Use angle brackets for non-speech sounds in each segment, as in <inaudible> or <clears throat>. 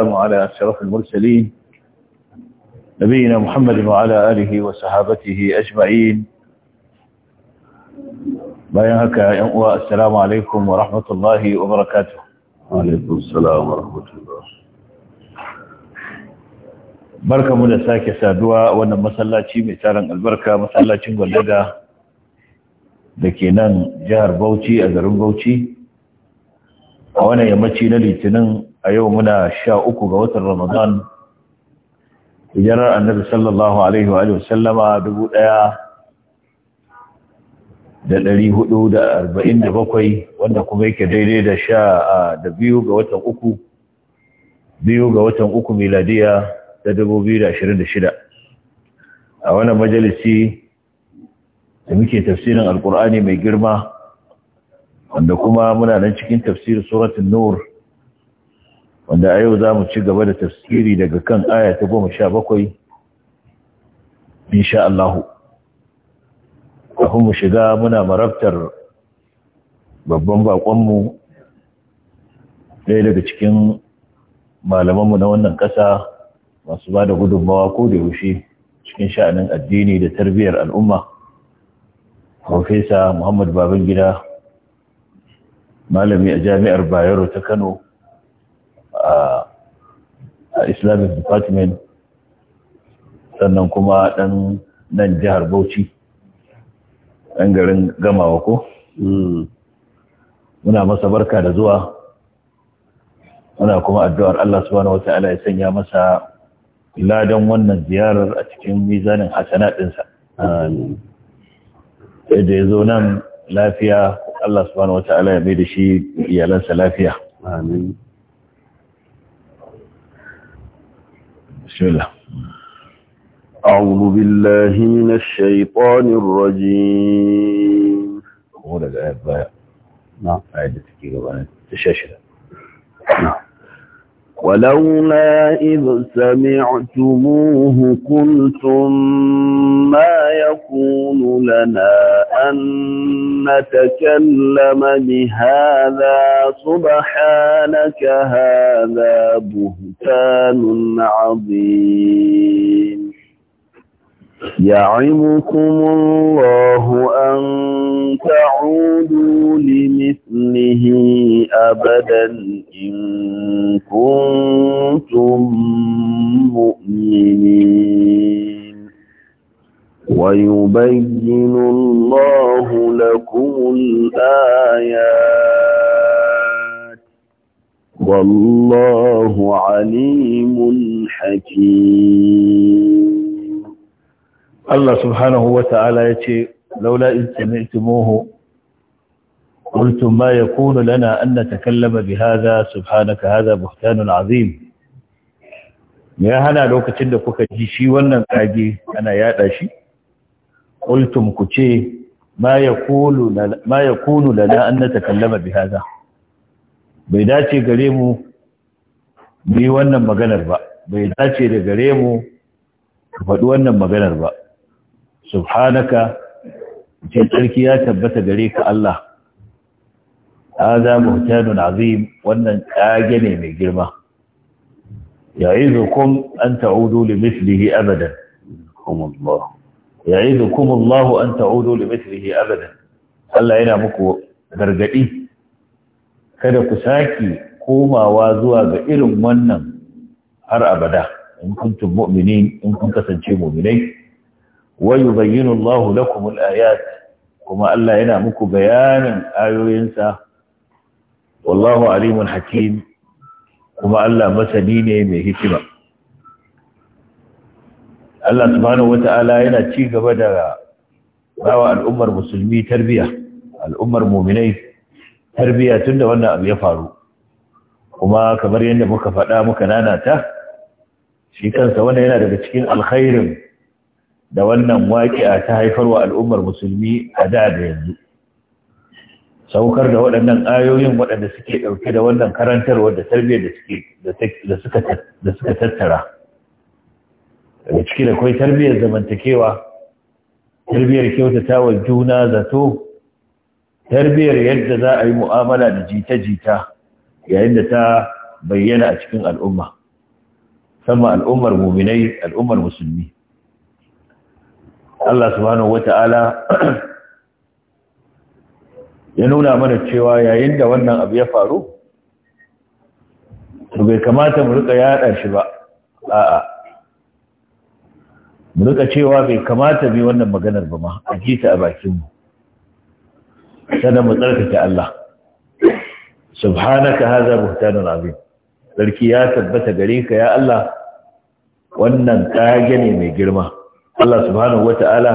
والسلام على أشرف المرسلين نبينا محمد وعلى آله وصحابته أجمعين bayan haka yan uwa assalamu alaikum wa rahmatullahi wa barakatuh alaikum assalam wa rahmatullah da sake saduwa wannan masallaci mai tarin albarka masallacin gwallada da ke nan jihar Bauchi a garin Bauchi a na Litinin a yau muna sha uku ga watan Ramadan, hijirar annabi sallallahu Alaihi wa sallama dubu ɗaya da ɗari hudu da arba'in da bakwai wanda kuma yake daidai da sha da biyu ga watan uku, biyu ga watan uku miladiya da dubu biyu da ashirin da shida. A wani majalisi da muke tafsirin Alƙur'ani mai girma, wanda kuma muna nan cikin tafsirin Suratun Nur. wanda a yau za mu ci gaba da tafsiri daga kan aya ta goma sha bakwai insha Allahu kafin mu shiga muna marabtar babban bakonmu ɗaya daga cikin malamanmu na wannan ƙasa masu ba da gudunmawa ko da yaushe cikin sha'anin addini da tarbiyyar al'umma Profesa Muhammad Babangida malami a jami'ar Bayero ta Kano A islamic department sannan kuma ɗan nan jihar bauchi ɗan garin gamawa ko mm. muna masa barka da zuwa muna kuma addu'ar Allah subhanahu wata'ala ya sanya masa ladan wannan ziyarar a cikin mizanin hasana ɗinsa. amin da ya zo nan lafiya, Allah subhanahu wata'ala ya mai da shi iyalansa lafiya. Amin. بسم الله أعوذ بالله من الشيطان الرجيم هو الآية ضياء نعم آية تكيغ الشاشة نعم ولولا إذ سمعتموه قلتم ما يكون لنا أن نتكلم بهذا سبحانك هذا بهتان عظيم يعظكم الله أن تعودوا لمثله أبدا إن كنتم مؤمنين ويبين الله لكم الآيات والله عليم حكيم Allah subhanahu wa ta'ala ya ce, Laula in sami'tumuhu, qultum ma yakunu lana an natakallama bi hadha subhanaka hadha buhtanun azim. Ya hana lokacin da kuka ji shi wannan kage ana yada shi? Qultum ku ce ma yakunu lana an natakallama bi hadha. Bai dace gare mu bi wannan maganar ba, bai dace da gare mu faɗi wannan maganar ba. subhanaka ce tsarki ya tabbata gare ka Allah hada muhtanun azim wannan kage ne mai girma ya'izukum an ta'udu li mithlihi abadan kum Allah ya'izukum Allah an ta'udu li mithlihi abadan Allah yana muku gargadi kada ku saki komawa zuwa ga irin wannan har abada in kuntum mu'minin in kun kasance mu'minai wa yubayyinu Allahu lakum al-ayat kuma Allah yana muku bayanin ayoyinsa wallahu alimun hakim kuma Allah masani ne mai hikima Allah subhanahu wata'ala yana ci gaba da bawa al'ummar musulmi tarbiyya, al'ummar muminai tarbiyya tunda wannan abu ya faru kuma kamar yadda muka faɗa muka nanata shi kansa wannan yana daga cikin alkhairin da wannan waƙi'a ta haifar wa al'ummar musulmi a da da yanzu saukar da waɗannan ayoyin waɗanda suke ɗauke da wannan karantarwar da tarbiyyar da suka tattara daga ciki da kwai tarbiyyar zamantakewa tarbiyyar kyautata wa juna zato tarbiyyar yadda za a yi mu'amala da jita-jita yayin da ta bayyana a cikin al'umma sama al'ummar muminai al'ummar musulmi Allah subhanahu wata'ala <clears throat> ya nuna mana cewa yayin da wannan abu ya faru to bai kamata mu rika yada shi ba a'a mu rika cewa bai kamata bi wannan maganar ba ma a ji a bakin mu sannan mu tsarkake Allah subhanaka hadha buhtanun azim sarki ya tabbata gare ka ya Allah wannan kage ne mai girma Allah subhanahu wata'ala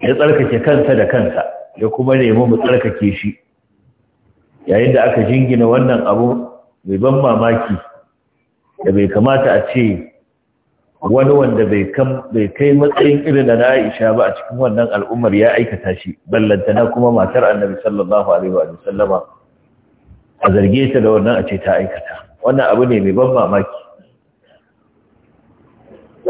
ya tsarkake kansa da kansa ya kuma nemi mu tsarkake shi yayin da aka jingina wannan abu mai ban mamaki da bai kamata a ce wani wanda bai kai matsayin irin da na Aisha ba a cikin wannan al'ummar ya aikata shi ballantana kuma matar annabi sallallahu alaihi wa sallama a zarge ta da wannan a ce ta aikata wannan abu ne mai ban mamaki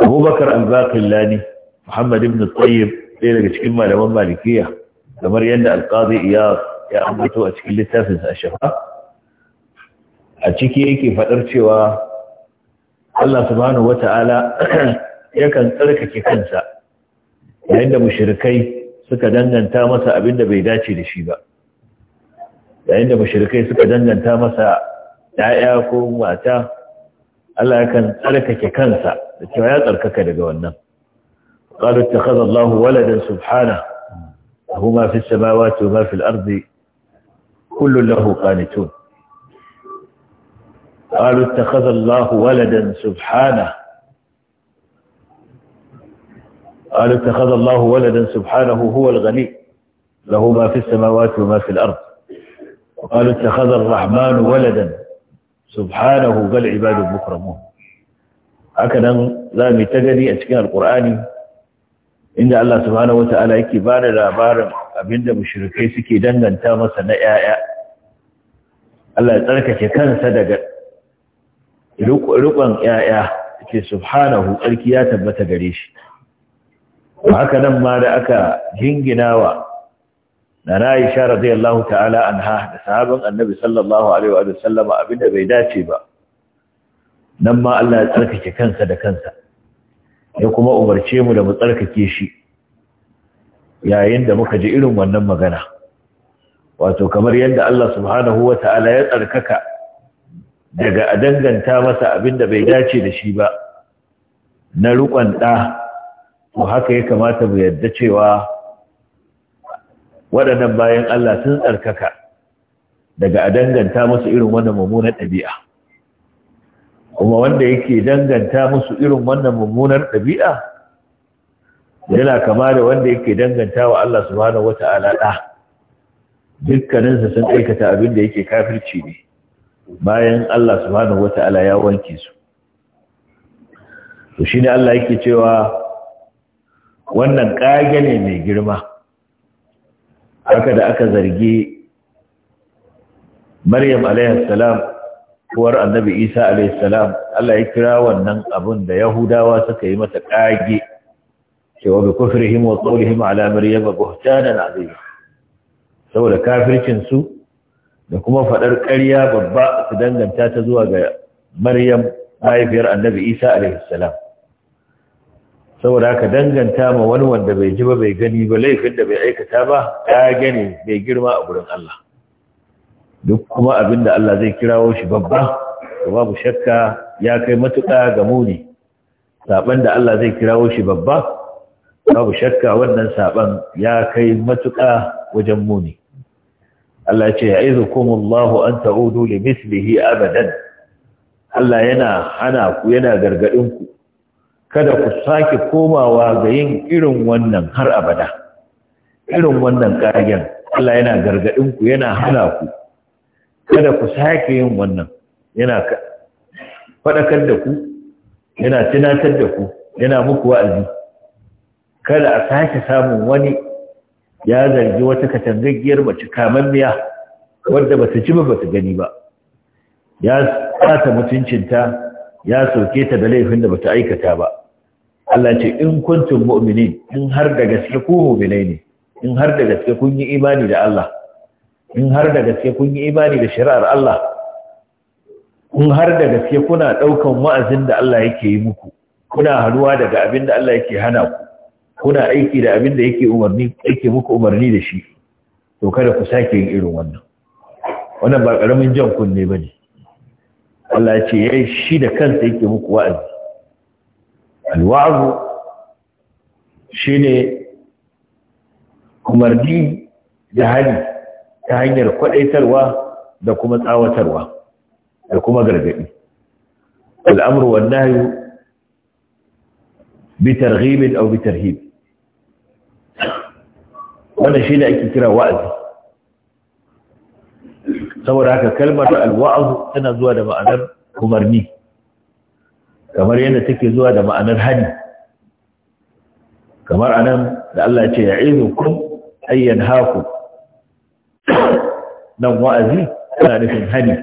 abubakar al-zaqillani muhammad ibn tayyib ɗaya daga cikin malaman malikiya kamar yadda alqazi iyas ya ambato a cikin littafinsa a shafa a ciki yake faɗar cewa Allah subhanahu wata'ala <clears throat> yakan tsarkake kansa yayin da mushrikai suka danganta masa abin da bai dace da shi ba yayin da mushrikai suka danganta masa ya'ya ko mata Allah yakan tsarkake kansa التوايات أركك لقوانا قالوا اتخذ الله ولدا سبحانه هما في السماوات وما في الأرض كل له قانتون قالوا اتخذ الله ولدا سبحانه قالوا اتخذ الله ولدا سبحانه هو الغني له ما في السماوات وما في الأرض وقالوا اتخذ الرحمن ولدا سبحانه بل عباد مكرمون haka nan za mu yi ta gani a cikin alkur'ani inda Allah subhanahu Ta'ala yake ba da labarin abinda mushrikai suke danganta masa na ƴaƴa Allah ya tsarkake kansa daga rukun 'ya'ya yake subhanahu tsarki ya tabbata gare shi haka nan ma da aka wa na Aisha radiyallahu ta'ala anha da sahaban Annabi sallallahu alaihi wa sallama abinda bai dace ba nan ma Allah ya tsarkake kansa da kansa ya kuma umarce mu da mu tsarkake shi yayin da muka ji irin wannan magana wato kamar yadda Allah subhanahu wa ta'ala ya tsarkaka daga a danganta masa abin da bai dace da shi ba na rukon ɗa to haka ya kamata mu yadda cewa waɗannan bayan Allah sun tsarkaka daga a danganta masu irin wannan mummunan ɗabi'a kuma wanda yake danganta musu irin wannan mummunar ɗabi'a yana kama da wanda yake danganta wa Allah subhanahu wata'ala ɗa dukkaninsa sun aikata abin da yake kafirci ne bayan Allah subhanahu wata'ala ya wanke su to shine Allah yake cewa wannan ƙage ne mai girma haka da aka zargi Maryam alaihi salam uwar annabi isa alaihissalam Allah ya kira wannan abun da yahudawa suka yi masa kage cewa bi kufrihim wa qawlihim ala maryam buhtanan azim saboda kafircin su da kuma faɗar ƙarya babba su danganta ta zuwa ga maryam mahaifiyar annabi isa alaihissalam saboda haka danganta ma wani wanda bai ji ba bai gani ba laifin da bai aikata ba ya gani bai girma a gurin Allah duk kuma abin da Allah zai kirawo shi babba babu shakka ya kai matuƙa ga muni saban da Allah zai kirawo shi babba babu shakka wannan saban ya kai matuƙa wajen muni Allah ce izu ya'izukumullahu an ta'udu li mislihi abadan Allah yana hana ku yana gargadin ku kada ku sake komawa ga yin irin wannan har abada irin wannan kagen Allah yana gargadin ku yana hana ku kada ku sake yin wannan yana faɗakar da ku yana tunatar da ku yana muku wa'azi kada a sake samun wani ya zargi wata katangaggiyar mace kamammiya wadda ba su ci ba su gani ba ya tsata mutuncinta ya soke ta da laifin da ba ta aikata ba Allah ce in kuntum mu'minin in har da gaske ku mu'minai ne in har da gaske kun yi imani da Allah in har da gaske kun yi imani da shari'ar Allah kun har da gaske kuna ɗaukan wa'azin da Allah yake yi muku kuna haruwa daga abin da Allah yake hana ku kuna aiki da abin da yake umarni yake muku umarni da shi to kada ku sake yin irin wannan wannan ba karamin jan kunne bane Allah ya ce yayi shi da kansa yake muku wa'azi alwa'zu shine umarni da hali ta hanyar kwadaitarwa da kuma tsawatarwa da kuma gargadi Al'amur wan nahyu bi targhib aw bi tarhib wannan shi ne ake kira wa'azi saboda haka kalmar al-wa'az tana zuwa da ma'anar umarni kamar yadda take zuwa da ma'anar hani kamar anan da Allah ya ce ya'izukum ayyan haku nan wa'azi yana nufin hani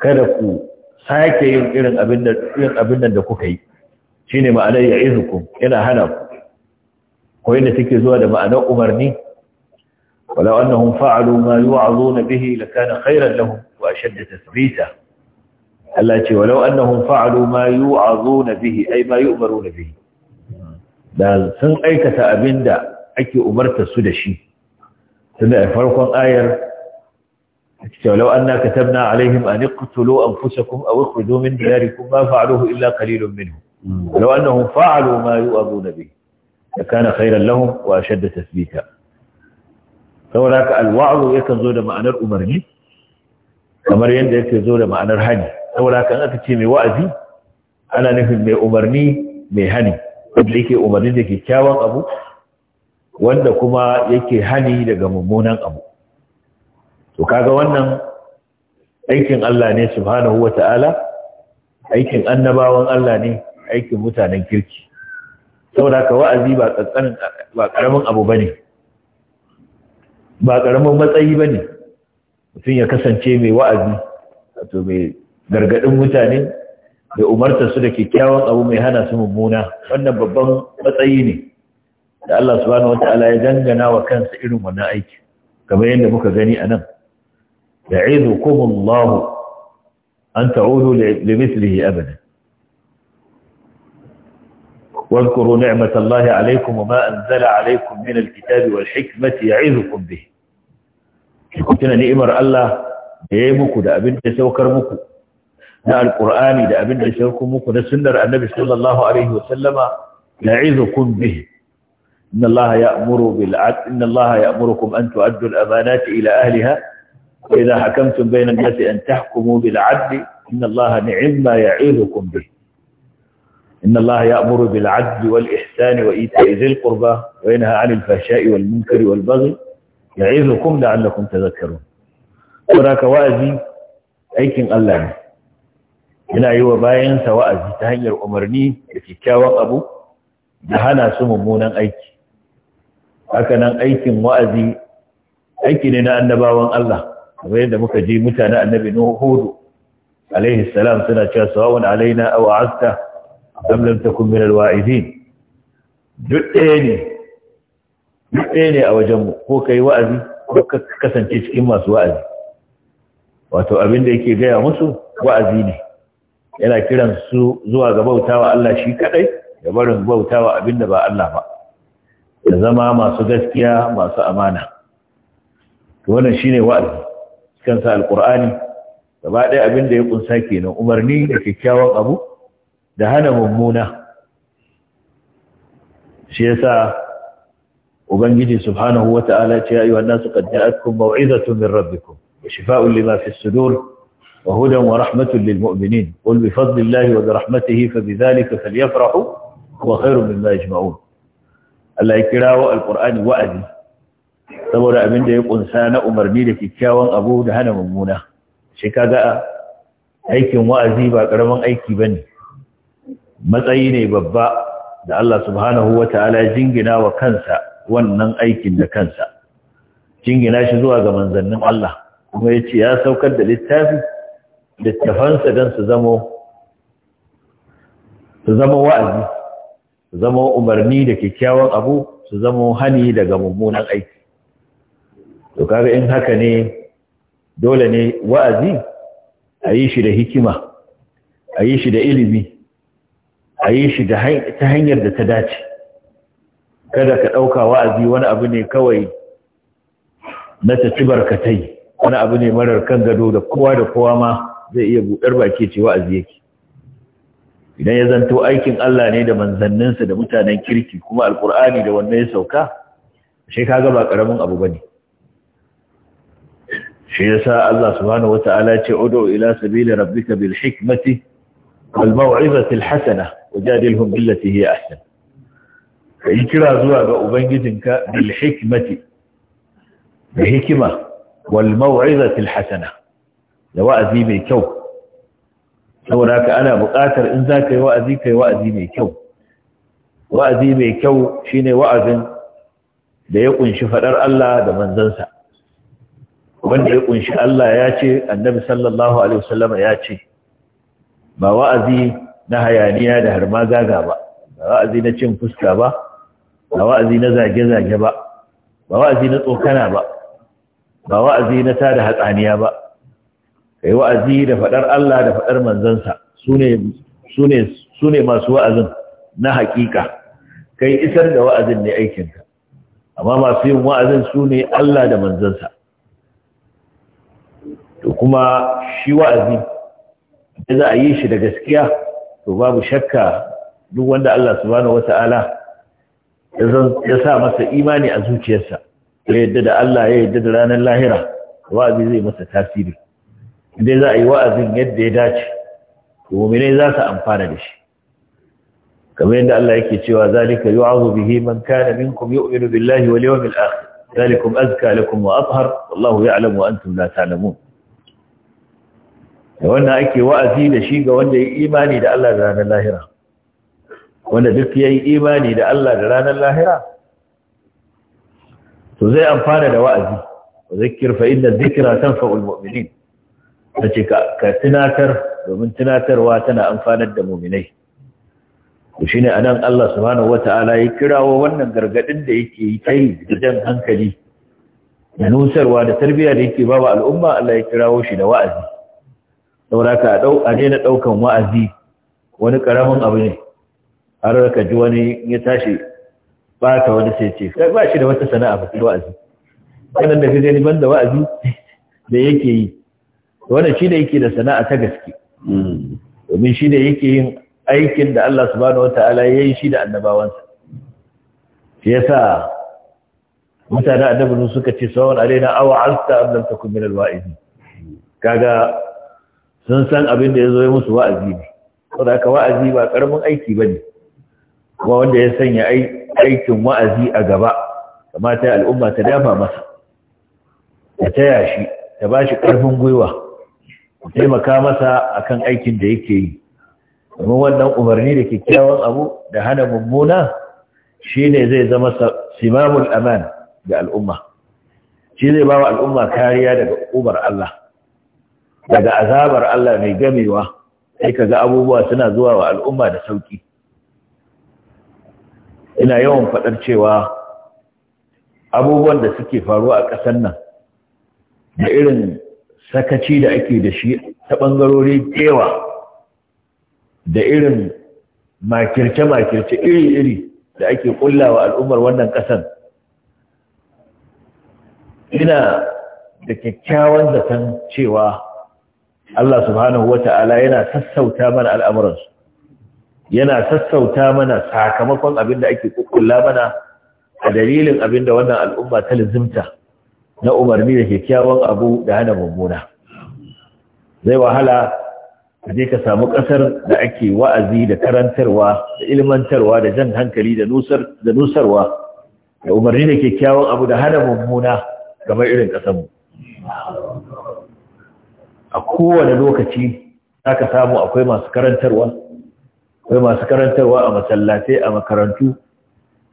kada ku sake yin irin abin da nan da kuka yi Shi ne ma'anar ya Izuku, yana hana ku ko yadda take zuwa da ma'anar umarni walau annahum fa'alu ma na bihi lakana khairan lahum wa ashadda tathbita Allah ce walau annahum fa'alu ma yu'azuna bihi ay ma yu'maruna bihi da sun aikata abinda ake umarta su da shi tunda a farkon ayar cewa law anna katabna alaihim an iqtulu anfusakum aw ikhruju min diyarikum ma fa'aluhu illa qalilun minhum hmm. law annahum fa'alu ma yu'aduna bihi kana khayran lahum wa ashadda tathbita saboda haka alwa'u yakan zo da ma'anar umarni kamar yadda yake zo da ma'anar hani saboda kan aka ce mai wa'azi ana nufin mai umarni mai hani wanda yake umarni da kyakkyawan abu wanda kuma yake hani daga mummunan abu to kaga wannan aikin Allah ne subhanahu wata'ala aikin annabawan Allah ne aikin mutanen kirki saboda ka wa'azi ba tsantsanin ba karamin abu bane ba karamin matsayi bane mutum ya kasance mai wa'azi wato mai gargadin mutane mai umarta su da kyakkyawan abu mai hana su mummuna wannan babban matsayi ne da Allah subhanahu wata'ala ya dangana wa kansa irin wannan aiki kamar yadda muka gani a nan da izu kumullahu an ta'udu limislihi abinan wankuru ni'matallahi alaikum ma an zala min alkitabi wal hikmati ya izu kumbe kuna ni'imar Allah da ya yi muku da abin da saukar muku na alkur'ani da abin da saukar muku na sunar annabi sallallahu alaihi wasallama ya izu kumbe إن الله يأمر بالعدل إن الله يأمركم أن تؤدوا الأمانات إلى أهلها وإذا حكمتم بين الناس أن تحكموا بالعدل إن الله نعم ما يعيذكم به إن الله يأمر بالعدل والإحسان وإيتاء ذي القربى وينهى عن الفحشاء والمنكر والبغي يعيذكم لعلكم تذكرون هناك وأزي أيكن الله ne yana yi سواء bayansa تهير أمرني في كاوة أبو kyakkyawan سمو مونا أيكي haka nan aikin wa'azi aiki ne na annabawan Allah kamar yadda muka ji mutane annabi Nuhu Hudu alaihi salam suna cewa sawa'un alaina aw a'asta am lam takun min alwa'izin duk ne duk ne a wajen mu ko kai wa'azi ko ka kasance cikin masu wa'azi wato abin da yake gaya musu wa'azi ne yana kiran su zuwa ga bautawa Allah shi kadai da barin bautawa abinda ba Allah ba da zama masu gaskiya masu amana to wannan shine wa'azi cikin sa gaba ɗaya abin da ya kunsa nan umarni da kyakkyawan abu da hana mummuna shi yasa ubangiji subhanahu wata'ala ce ya ayyuhan nasu qad ja'atkum maw'izatun min rabbikum wa shifaa'un lima fi sudur وهدى ورحمة للمؤمنين قل بفضل الله وبرحمته فبذلك فليفرحوا min مما يجمعون Allah ya kirawo alqur'ani wa'azi saboda abin da ya kunsa na umarni da kyakkyawan abu da hana mummuna shi kaga aikin wa'azi ba ƙaramin aiki ba ne. matsayi ne babba da Allah subhanahu ta'ala ya jingina wa kansa wannan aikin da kansa jingina shi zuwa ga manzannin Allah kuma ya ce ya saukar da littafi littafansa don su zamo su zama wa'azi su zama umarni da kyakkyawan abu su zama hani daga mummunan aiki to kaga in haka ne dole ne wa'azi a yi shi da hikima a yi shi da ilimi a yi shi ta hanyar da ta dace kada ka ɗauka wa'azi wani abu ne kawai na taci barkatai wani abu ne marar kan gado da kowa da kowa ma zai iya buɗar baki ce wa'azi yake idan ya zanto aikin Allah ne da manzanninsa da mutanen kirki kuma alkur'ani da wannan ya sauka shi kaga ba karamin abu bane shi yasa Allah subhanahu wataala ce ud'u ila sabili rabbika bil hikmati wal maw'izati al hasana wajadilhum billati hiya ahsan kai kira zuwa ga ubangijinka bil hikmati da hikima wal maw'izati al hasana da wa'azi mai kyau saboda haka ana buƙatar in za ka yi wa'azi ka yi wa'azi mai kyau wa'azi mai kyau shine wa'azin da ya kunshi faɗar Allah da manzansa wanda ya kunshi Allah ya ce annabi sallallahu alaihi wasallam ya ce ba wa'azi na hayaniya da gaga ba ba wa'azi na cin fuska ba ba wa'azi na zage-zage ba ba wa'azi na tsokana ba ba wa'azi na tada hatsaniya ba kai wa'azi da faɗar Allah da faɗar manzansa su ne masu wa'azin na haƙiƙa kai isar da wa'azin ne aikinka amma masu yin wa'azin su ne Allah da manzansa to kuma shi wa'azi da za a yi shi da gaskiya to babu shakka duk wanda Allah subhanahu wata'ala ya sa masa imani a zuciyarsa ya yadda da Allah ya yadda da ranar lahira wa'azi zai masa tasiri inda za a yi wa'azin yadda ya dace mu'minai za su amfana da shi kamar yadda Allah yake cewa zalika yu'azu bihi man kana minkum yu'minu billahi wal yawmil akhir zalikum azka lakum wa athhar wallahu ya'lamu wa antum la namu! da wannan ake wa'azi da shi ga wanda ya yi imani da Allah da ranar lahira wanda duk ya yi imani da Allah da ranar lahira to zai amfana da wa'azi wa zikir fa inna zikra tanfa'ul mu'minin ta ce ka tunatar domin tunatarwa tana amfanar da muminai ku shi ne a nan Allah subhanahu ta'ala ya kirawo wannan gargaɗin da yake yi ta yi da jan hankali da nusarwa da tarbiyya da yake bawa al'umma Allah ya kirawo shi da wa'azi saboda ka a daina ɗaukan wa'azi wani ƙaramin abu ne har ka ji wani ya tashi ba ka wani sai ce ba shi da wata sana'a ba wa'azi wannan da zai gani banda wa'azi <laughs> da yake yi wannan shi ne yake da sana'a ta gaske domin shi ne yake yin aikin da Allah subhanahu wata'ala ya yi shi da annabawansa shi yasa mutane annabinu suka ce sawan alaina awa alta am lam takun kaga sun san abin da zo ya musu wa'azi ne da haka wa'azi ba karamin aiki ba ne. kuma wanda ya sanya aikin wa'azi a gaba kamata al'umma ta dafa masa ta taya shi ta ba shi karfin gwiwa ku taimaka masa akan aikin da yake yi domin wannan umarni da kyakkyawan abu da hana mummuna shine zai zama simamul aman ga al'umma shi zai ba wa al'umma kariya daga ubar Allah daga azabar Allah mai gamewa sai ga abubuwa suna zuwa wa al'umma da sauki ina yawan faɗar cewa abubuwan da suke faruwa a ƙasar nan da irin sakaci da ake da shi ta ɓangarori kewa da irin makirce-makirce iri-iri da ake kullawa al'ummar wannan ƙasan, ina da kyakkyawan zaton cewa Allah subhanahu wa ta'ala yana sassauta mana al'amuransu yana sassauta mana sakamakon abin da ake kulla mana a dalilin abin da wannan al'umma ta lizimta na umarni da kyakkyawan abu da hana mummuna zai wahala je ka samu ƙasar da ake wa'azi da karantarwa da ilmantarwa da jan hankali da nusarwa da umarni da kyakkyawan abu da hana mummuna kamar irin ƙasarmu a kowane lokaci za ka samu akwai masu karantarwa akwai masu karantarwa a masallatai a makarantu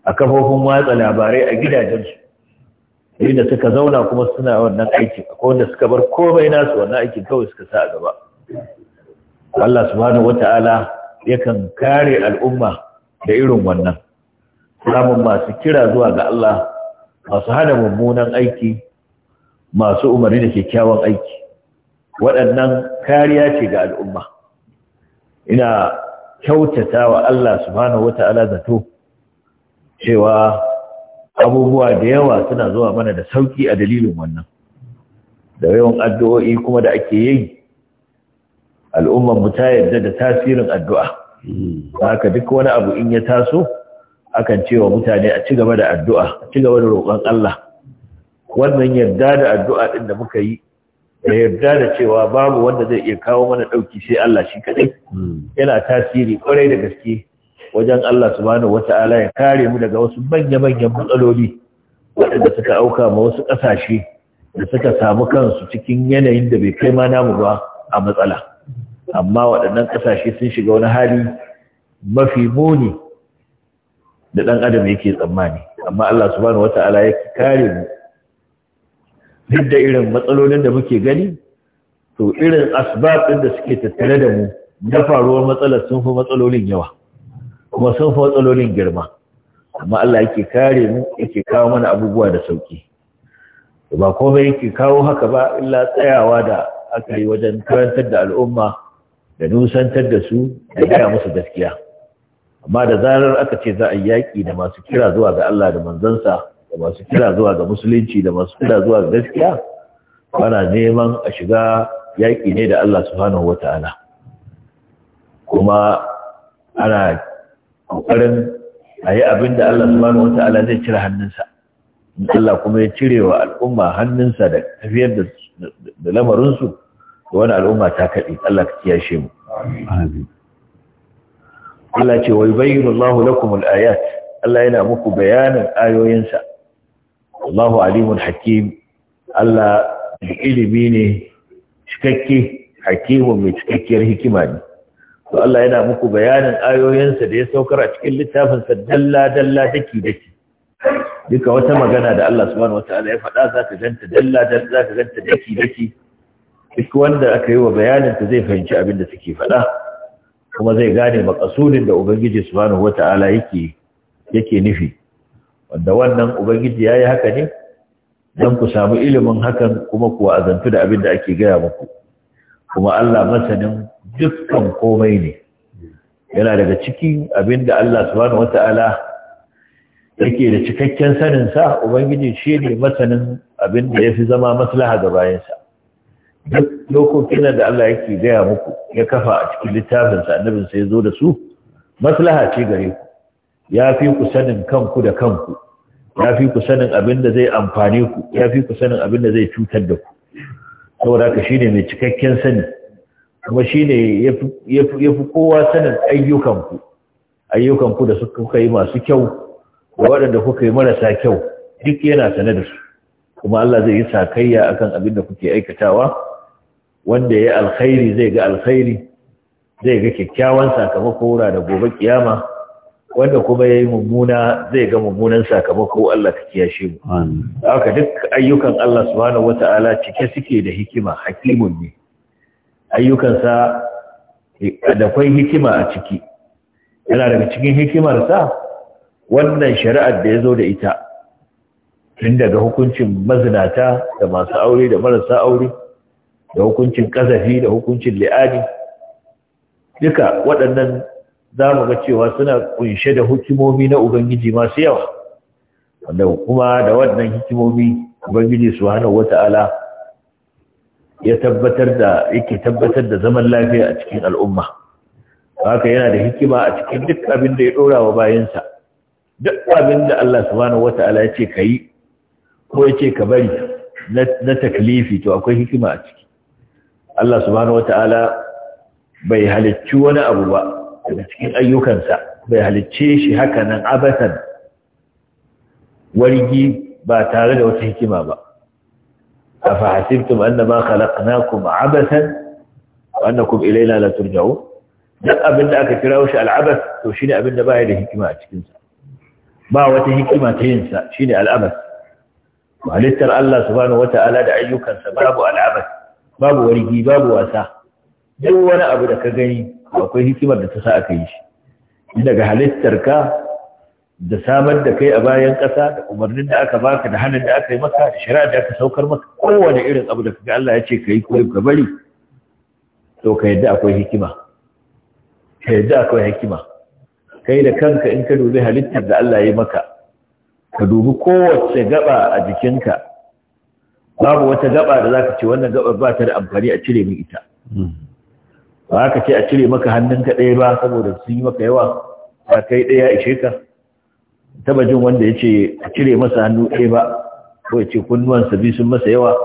a kafofin watsa labarai a gidajensu duk suka zauna kuma suna wannan aikin akwai wanda suka bar komai nasu wannan aikin kawai suka sa a gaba Allah subhanahu wata'ala yakan kare al'umma da irin wannan samun masu kira zuwa ga Allah masu hana mummunan aiki masu umarni da kyakkyawan aiki waɗannan kariya ce ga al'umma ina kyautata wa Allah subhanahu wata'ala zato cewa abubuwa da yawa suna zuwa mana da sauki a dalilin wannan da yawan addu'o'i kuma da ake yi al'ummar mu ta yarda da tasirin addu'a haka duk wani abu in ya taso akan cewa mutane a ci gaba da addu'a a ci gaba da roƙon Allah wannan yarda da addu'a ɗin da muka yi da yarda da cewa babu wanda zai iya kawo mana ɗauki sai Allah shi kaɗai hmm. yana tasiri kwarai da gaske wajen Allah subhanahu wata'ala ya kare mu daga wasu manya-manyan matsaloli waɗanda suka auka ma wasu ƙasashe da suka samu kansu cikin yanayin da bai kai ma namu ba a matsala amma waɗannan ƙasashe sun shiga wani hali mafi muni da ɗan adam yake tsammani amma Allah subhanahu wata'ala ya kare mu duk da irin matsalolin da muke gani to irin asbab ɗin da suke tattare da mu na faruwar matsalar sun fi matsalolin yawa kuma sun fi matsalolin girma amma Allah yake kare mu yake kawo mana abubuwa da sauki ba komai yake kawo haka ba illa tsayawa da aka yi wajen karantar da al'umma da nusantar da su da gaya musu gaskiya amma da zarar aka ce za a yaƙi da masu kira zuwa ga Allah da manzansa da masu kira zuwa ga musulunci da masu kira zuwa ga gaskiya bana neman a shiga yaƙi ne da Allah subhanahu wata'ala kuma ana kokarin a yi abin da Allah subhanahu zai cire hannunsa Allah kuma ya cire wa al'umma hannunsa da tafiyar da lamarinsu da wani al'umma ta kaɗi Allah ka kiyashe mu Allah ce wai bayyana Allah lakum al-ayat Allah yana muku bayanin ayoyinsa Allahu alimun hakim Allah ilimi ne cikakke hakimun mai cikakkiyar hikima ne to Allah yana muku bayanin ayoyinsa da ya saukar a cikin littafinsa dalla-dalla daki-daki duka wata magana da Allah subhanahu wata'ala ya faɗa za ka ganta dalla-dalla za ka ganta daki-daki duk wanda aka yi wa bayanin ta zai fahimci abin da suke faɗa kuma zai gane makasudin da ubangiji subhanahu wata'ala yake yake nufi wanda wannan ubangiji yayi haka ne dan ku samu ilimin hakan kuma ku azantu da abin da ake gaya muku kuma Allah masanin dukkan komai ne yana daga cikin abinda Allah subhanahu wata'ala yake da cikakken sanin sa ubangiji shi ne masanin abinda yafi zama maslaha ga bayansa duk lokacin da Allah yake gaya muku ya kafa a cikin littafin sa annabin sa yazo da su maslaha ce gare ku ya fi ku sanin kanku da kanku ya fi ku sanin abinda zai amfane ku ya fi ku sanin abinda zai cutar da ku saboda ka ne mai cikakken sani kuma shi ne ya fi kowa sanin ayyukanku ayyukanku da suka kuka yi masu kyau da waɗanda kuka yi marasa kyau duk yana sane da su kuma Allah zai yi sakayya akan abin da kuke aikatawa wanda ya alkhairi zai ga alkhairi zai ga kyakkyawan sakamako wura da gobe kiyama wanda kuma ya yi mummuna zai ga mummunan sakamako Allah ka kiyashe mu. Haka duk ayyukan Allah subhanahu wa ta'ala cike suke da hikima hakimun ne ayyukansa da kwai hikima a ciki yana daga cikin hikimarsa wannan shari'ar da ya zo da ita tun daga hukuncin mazinata da masu aure da marasa aure da hukuncin kazafi da hukuncin li'adi duka waɗannan za mu ga cewa suna kunshe da hukimomi na ubangiji masu yawa wanda kuma da waɗannan hikimomi ubangiji su hana wata'ala ya tabbatar da yake tabbatar da zaman lafiya a cikin al'umma haka yana da hikima a cikin duk abin da ya dora wa bayansa duk abin da Allah subhanahu wata'ala ya ce ka yi ko ya ce ka bari na taklifi to akwai hikima a ciki Allah subhanahu wata'ala bai halicci wani abu ba daga cikin ayyukansa bai halicce shi haka nan abatan wargi ba tare da wata hikima ba أفحسبتم أنما خلقناكم عبثا وأنكم إلينا لا ترجعون duk abin da aka kira shi al'abas to shine abin da baya da hikima a cikinsa ba wata hikima ta yinsa shine al'abas halittar Allah subhanahu wata'ala da ayyukansa babu al'abas babu wargi babu wasa duk wani abu da ka gani akwai hikimar da ta sa aka yi shi daga halittar ka da samar da kai a bayan ƙasa da umarnin da aka baka da hannun da aka yi maka da shari'a da aka saukar maka kowane irin abu da kaga Allah ya ce ka yi ko ka bari to ka yadda akwai hikima ka yadda akwai hikima kai da kanka in ka dubi halittar da Allah ya maka ka dubi kowace gaba a jikinka babu wata gaba da zaka ce wannan gaba ba ta da amfani a cire min ita ba ka ce a cire maka hannunka ɗaya ba saboda sun yi maka yawa ba kai ɗaya ishe ka taba jin wanda ya ce a cire masa hannu ɗaya ba ko ya ce kunnuwansa biyu sun masa yawa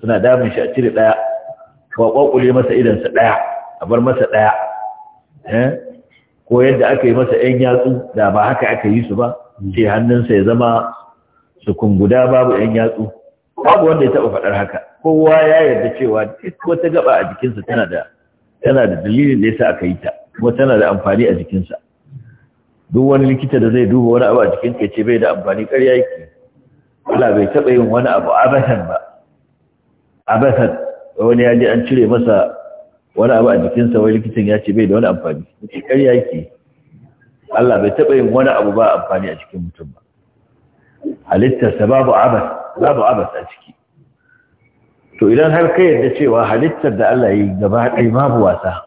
suna damun shi a cire ɗaya ko a ƙwaƙule masa idansa ɗaya a bar masa ɗaya eh? ko yadda aka yi masa ‘yan yatsu da ba haka aka yi su ba hannun hannunsa ya zama su kunguda babu ‘yan yatsu babu wanda ya taba faɗar haka kowa ya yarda cewa duk wata gaba a jikinsa tana da tana da dalilin da yasa aka yi ta kuma tana da amfani a jikinsa duk wani likita da zai duba wani abu a cikin ka ce bai da amfani ƙarya yake Allah bai taɓa yin wani abu abasan ba abasan wani ya je an cire masa wani abu a jikinsa wani likitan ya ce bai da wani amfani ce ƙarya yake Allah bai taɓa yin wani abu ba amfani a cikin mutum ba halittarsa babu abas babu abas a ciki to idan har ka yadda cewa halittar da Allah ya yi gaba ɗaya babu wasa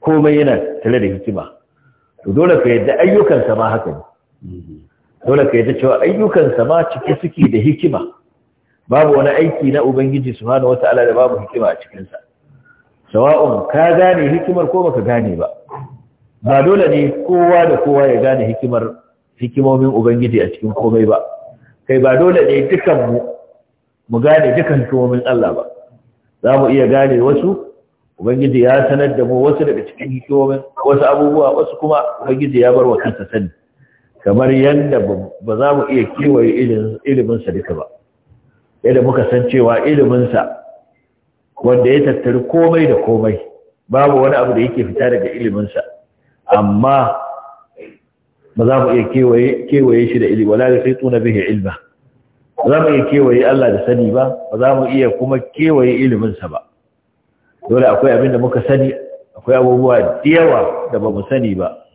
komai yana tare da hikima to dole ka yadda ayyukansa ma haka ne dole ka yadda cewa ayyukansa ma cike suke da hikima babu wani aiki na ubangiji subhanahu wata'ala da babu hikima a cikinsa sawa'un ka gane hikimar ko baka gane ba ba dole ne kowa da kowa ya gane hikimar hikimomin ubangiji a cikin komai ba kai ba dole ne dukanmu mu gane dukan hikimomin Allah ba za mu iya gane wasu ubangiji ya sanar da mu wasu daga cikin hikimomin wasu abubuwa wasu kuma ubangiji ya bar wa kansa sani kamar yadda ba za mu iya kewaye iliminsa duka ba yadda muka san cewa iliminsa wanda ya tattari komai da komai babu wani abu da yake fita daga iliminsa amma ba za mu iya kewaye shi da ilimi wala da sai tuna bihe ilma ba za mu iya kewaye Allah da sani ba ba za mu iya kuma kewaye iliminsa ba dole akwai abin da muka sani akwai abubuwa da yawa da ba mu sani ba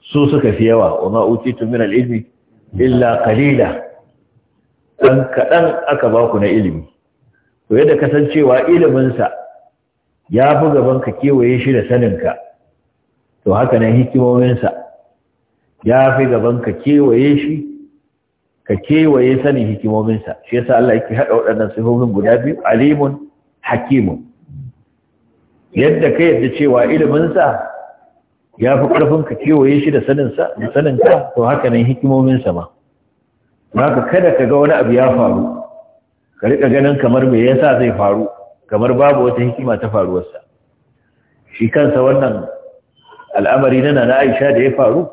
su suka fi yawa wa ma utitu min al illa kalila dan kaɗan aka ba ku na ilimi to yadda kasancewa iliminsa sa ya fi gaban ka kewaye shi da sanin ka to haka nan hikimominsa ya fi gaban ka kewaye shi ka kewaye sanin hikimominsa shi yasa Allah yake haɗa waɗannan sifofin guda biyu alimun hakimun yadda ka yadda cewa iliminsa ya fi ƙarfin ka kewaye shi da da saninka to haka nan hikimominsa ma ka kada ka ga wani abu ya faru ka riƙa ganin kamar me yasa zai faru kamar babu wata hikima ta faruwarsa shi kansa wannan al'amari na na Aisha da ya faru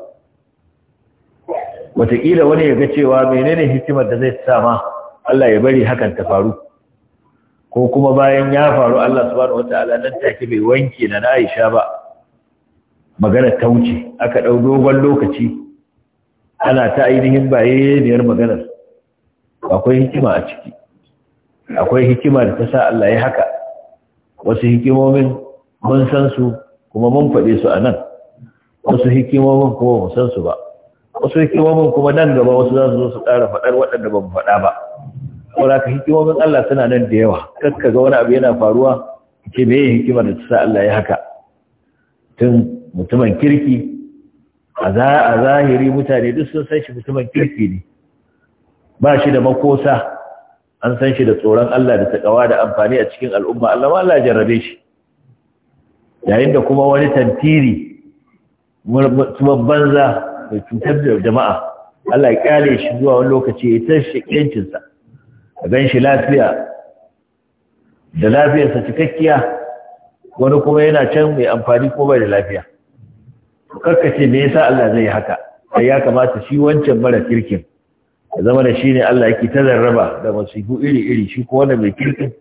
wataƙila wani ya ga cewa menene hikimar da zai sama Allah ya bari hakan ta faru ko kuma bayan ya faru Allah subhanahu wataala nan take bai wanke na Aisha ba magana ta wuce aka dau dogon lokaci ana ta ainihin baye yar maganar akwai hikima a ciki akwai hikima da ta sa Allah ya haka wasu hikimomin mun san su kuma mun faɗe su a nan wasu hikimomin kuma mun san su ba wasu hikimomin kuma nan gaba wasu za su zo su ƙara faɗar waɗanda ban faɗa ba saboda ka hikimomin Allah suna nan da yawa ka ga wani abu yana faruwa ke yi hikimar da ta sa Allah ya haka tun mutumin kirki a zahiri mutane duk sun san shi mutumin kirki ne ba shi da makosa an san shi da tsoron Allah da takawa da amfani a cikin al'umma Allah ma Allah jarrabe shi yayin da kuma wani tantiri mutumin banza mai cutar da jama'a Allah ya kyale shi zuwa wani lokaci ya tashi yancinsa a gan shi lafiya da lafiyarsa cikakkiya wani kuma yana can mai amfani ko bai da lafiya ce me yasa Allah zai haka sai ya kamata shi wancan mara kirkin ya zama da shi Allah yake tazarraba da masifu iri-iri shi ko wanda mai kirkin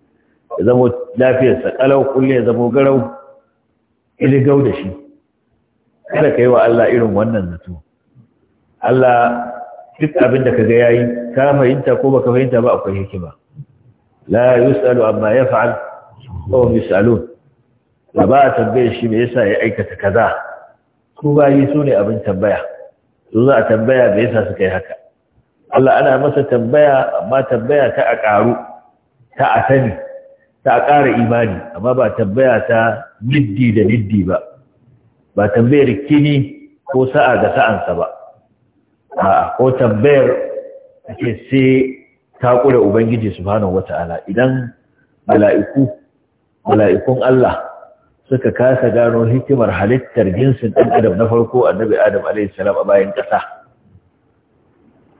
ya zama lafiyarsa kalau kulle ya zama garau gau da shi kada ka wa Allah irin wannan zato Allah duk abin da kaga yayi ka fahimta ko baka fahimta ba akwai hikima la yusalu amma yaf'al wa hum yusalun ba ta tambaye shi me yasa ya aikata kaza ko bayi yi sune abin tambaya su za a tambaya me yasa suka yi haka Allah ana masa tambaya amma tambaya ta a karu ta a sani ta a ƙara imani amma ba tambaya ta niddi da niddi ba ba tambayar kini ko sa'a ga sa'ansa ba A'a ko tambayar ake sai ta kure ubangiji subhanahu wata'ala idan mala'iku mala'ikun Allah suka kasa gano hikimar halittar jinsin ɗan adam na farko annabi adam alaihi salam a bayan ƙasa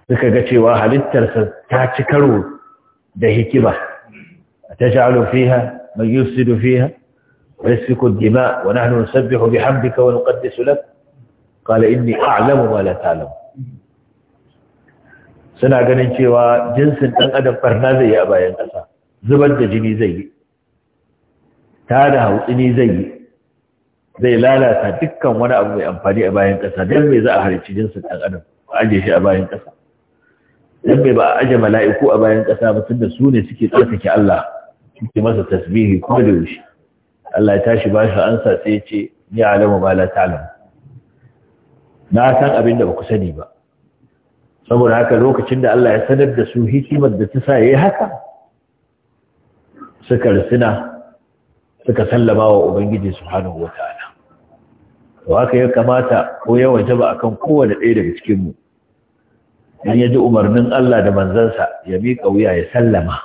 suka ga cewa halittarsa ta ci karo da hikima taj'alu fiha man yufsidu fiha wa yasfiku ad-dima wa nahnu nusabbihu bihamdika wa nuqaddisu lak qala inni a'lamu ma la ta'lamu suna ganin cewa jinsin ɗan adam barna zai yi a bayan ƙasa zubar da jini zai yi ta da hautsini zai yi zai lalata dukkan wani abu mai amfani a bayan ƙasa don mai za a harici jinsin ɗan adam a aje shi a bayan ƙasa don mai ba a aje mala'iku a bayan ƙasa ba tun da su ne suke tsarkake Allah suke masa tasbihi kuma da yaushe Allah ya tashi ba shi ansa sai ya ce ni alamu ba la ta'lam na san abin da ba ku sani ba saboda haka lokacin da Allah ya sanar da su hikimar da ta sa yayi haka suka risina suka sallama wa ubangiji subhanahu wataala to haka ya kamata ko ya ba akan kowane ɗaya daga cikin mu in ya ji umarnin Allah da manzansa ya miƙa wuya ya sallama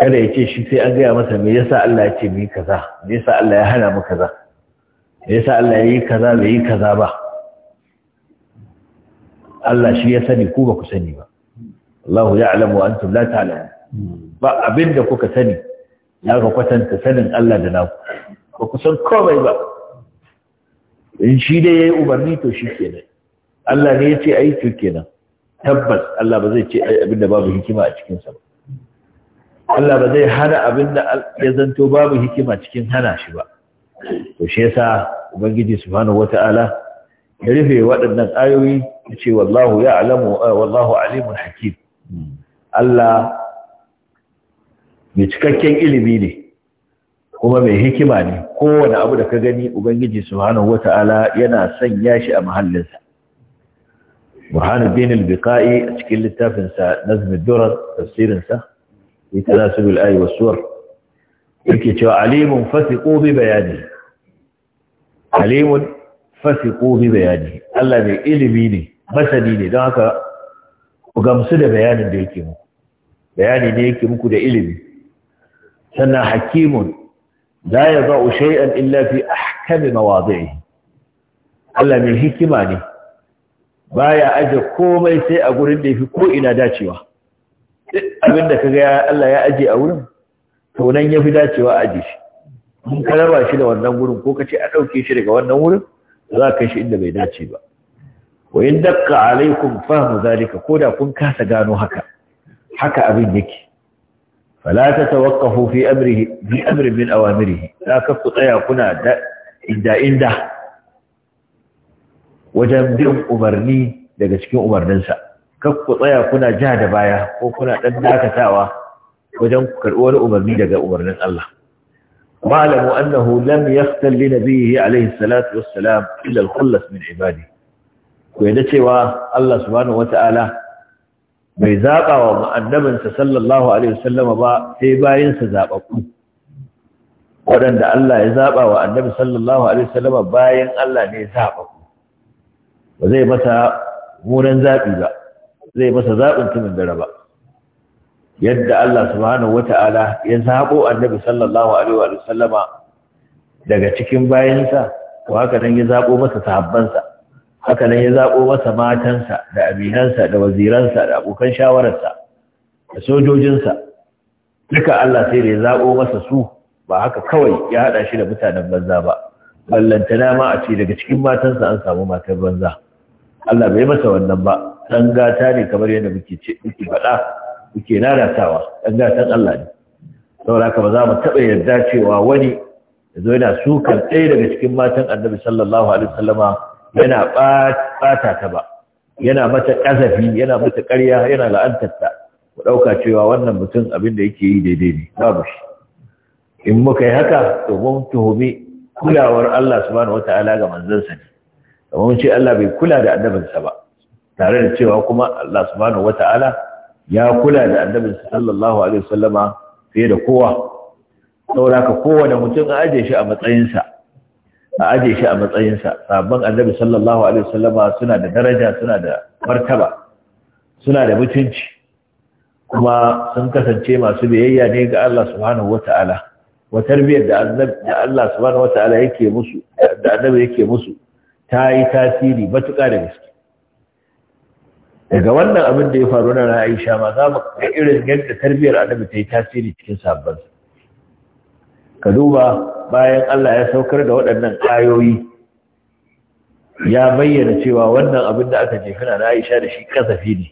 kada ya ce shi sai an gaya masa me yasa Allah ya ce mu yi kaza me yasa Allah ya hana mu kaza me yasa Allah ya yi kaza bai yi kaza ba Allah shi ya sani ku ba ku sani ba Allahu ya'lamu wa antum la ta'lamun ba abinda kuka sani ya ga kwatanta sanin Allah da naku ba ku san komai ba in shi dai yayi umarni to shi kenan Allah ne ya ce ayi to kenan tabbas Allah ba zai ce abinda babu hikima a cikin sa ba Allah ba zai hana abinda ya zanto babu hikima cikin hana shi ba to shi yasa ubangiji subhanahu wata'ala ya rufe waɗannan ayoyi ya ce wallahu ya alamu eh, wallahu alimun hakim Allah mai cikakken ilimi ne kuma mai hikima ne kowane abu da ka gani ubangiji subhanahu wata'ala yana sanya shi a mahallinsa burhanuddin al-biqai a cikin littafin sa nazmi durar tafsirin sa fi tanasubul ayi was suwar yake cewa alimun fasiqu bi bayani alimun fasiqu bi bayani Allah mai ilimi ne masani ne don haka ku gamsu da bayanin da yake muku bayani ne yake muku da ilimi sannan hakimun la yadau shay'an illa fi ahkami mawadi'ihi Allah mai hikima ne baya aje komai sai a gurin da yake ko ina dacewa duk abinda kaga Allah ya aje a wurin to nan yafi dacewa aje shi mun karaba shi da wannan gurin ko kace a dauke shi daga wannan wurin za ka shi inda bai dace ba wa in dakka alaikum fahmu zalika koda kun kasa gano haka haka abin yake fala tatawaqafu fi amrihi bi amri min awamirihi la ka ku tsaya kuna da inda inda wajen bin umarni daga cikin umarninsa kar ku tsaya kuna ja da baya ko kuna dan dakatawa wajen ku wani umarni daga umarnin Allah واعلموا أنه لم يختل لنبيه عليه الصلاة والسلام إلا الخلص من عباده ويدتي الله سبحانه وتعالى bai zaɓa wa annabinsa sallallahu Alaihi wasallama ba sai bayansa zaɓaɓɓu waɗanda Allah ya zaɓa wa annabi sallallahu Alaihi wasallama bayan Allah ne zaɓaɓɓu ba zai masa munan zaɓi ba zai masa zaɓin tumin dare ba yadda Allah subhanahu wata'ala ya zabo annabi sallallahu alaihi wa sallama daga cikin bayansa to haka nan ya zabo masa sahabbansa haka nan ya zabo masa matansa da aminansa da waziransa da abokan shawararsa da sojojinsa duka Allah sai da ya zabo masa su ba haka kawai ya hada shi da mutanen banza ba ballantana ma a ce daga cikin matansa an samu matar banza Allah bai masa wannan ba dan gata ne kamar yadda muke ce muke faɗa kuke lalatawa ɗan gatan Allah ne saboda ka ba za mu taɓa yarda cewa wani zo yana sukan ɗaya daga cikin matan annabi sallallahu alaihi sallama yana ɓata ta ba yana mata ƙazafi yana mata ƙarya yana la'antarta ku ɗauka cewa wannan mutum abin da yake yi daidai ne babu shi in muka yi haka to mun tuhumi kulawar Allah subhanahu wata'ala ga manzansa ne kamar mun ce Allah bai kula da annabinsa ba tare da cewa kuma Allah subhanahu wata'ala ya kula da annabin sallallahu alaihi wasallama fiye da kowa saboda ka kowane mutum a aje shi a matsayinsa a aje shi a matsayinsa sabon annabi sallallahu alaihi wasallama suna da daraja suna da martaba suna da mutunci kuma sun kasance masu biyayya ne ga Allah subhanahu wata'ala wa tarbiyyar da annabi da Allah subhanahu wata'ala yake musu da annabi yake musu ta yi tasiri matuƙa da gaske daga wannan abin da ya faru na Aisha ma za mu ga irin yadda tarbiyyar annabi ta yi tasiri cikin sabbin ka duba bayan Allah ya saukar da waɗannan ayoyi ya bayyana cewa wannan abin da aka jefina na Aisha da shi kasafi ne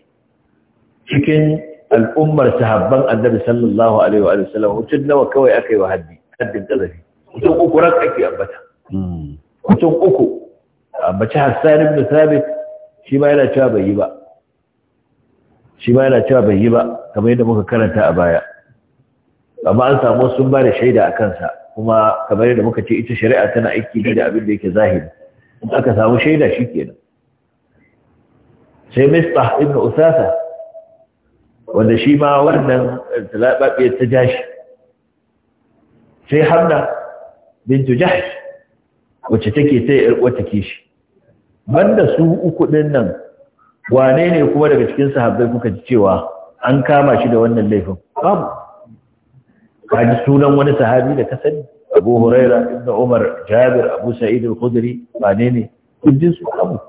cikin al'ummar sahabban annabi sallallahu alaihi wa sallam mutum nawa kawai aka yi wa haddi haddin kasafi mutum uku ran ake ambata hmm. mutum uku ambaci Hassan ibn Thabit shi ma yana cewa bai yi ba shi ma yana cewa bai yi ba kamar yadda muka karanta a baya amma an samu sun ba da shaida a kansa kuma kamar yadda muka ce ita shari'a tana aiki ne da abin da yake zahiri in aka samu shaida shi kenan sai mista ibn usasa wanda shi ma wannan talabaɓe ta jashi sai hamna bintu jahsh wacce take ta yi wata kishi banda su uku ɗin nan wane ne kuma daga cikin sahabbai kuka ji cewa an kama shi da wannan laifin babu ka ji sunan wani sahabi da ka sani abu huraira ibn umar jabir abu sa'id al-khudri wane ne kujin su babu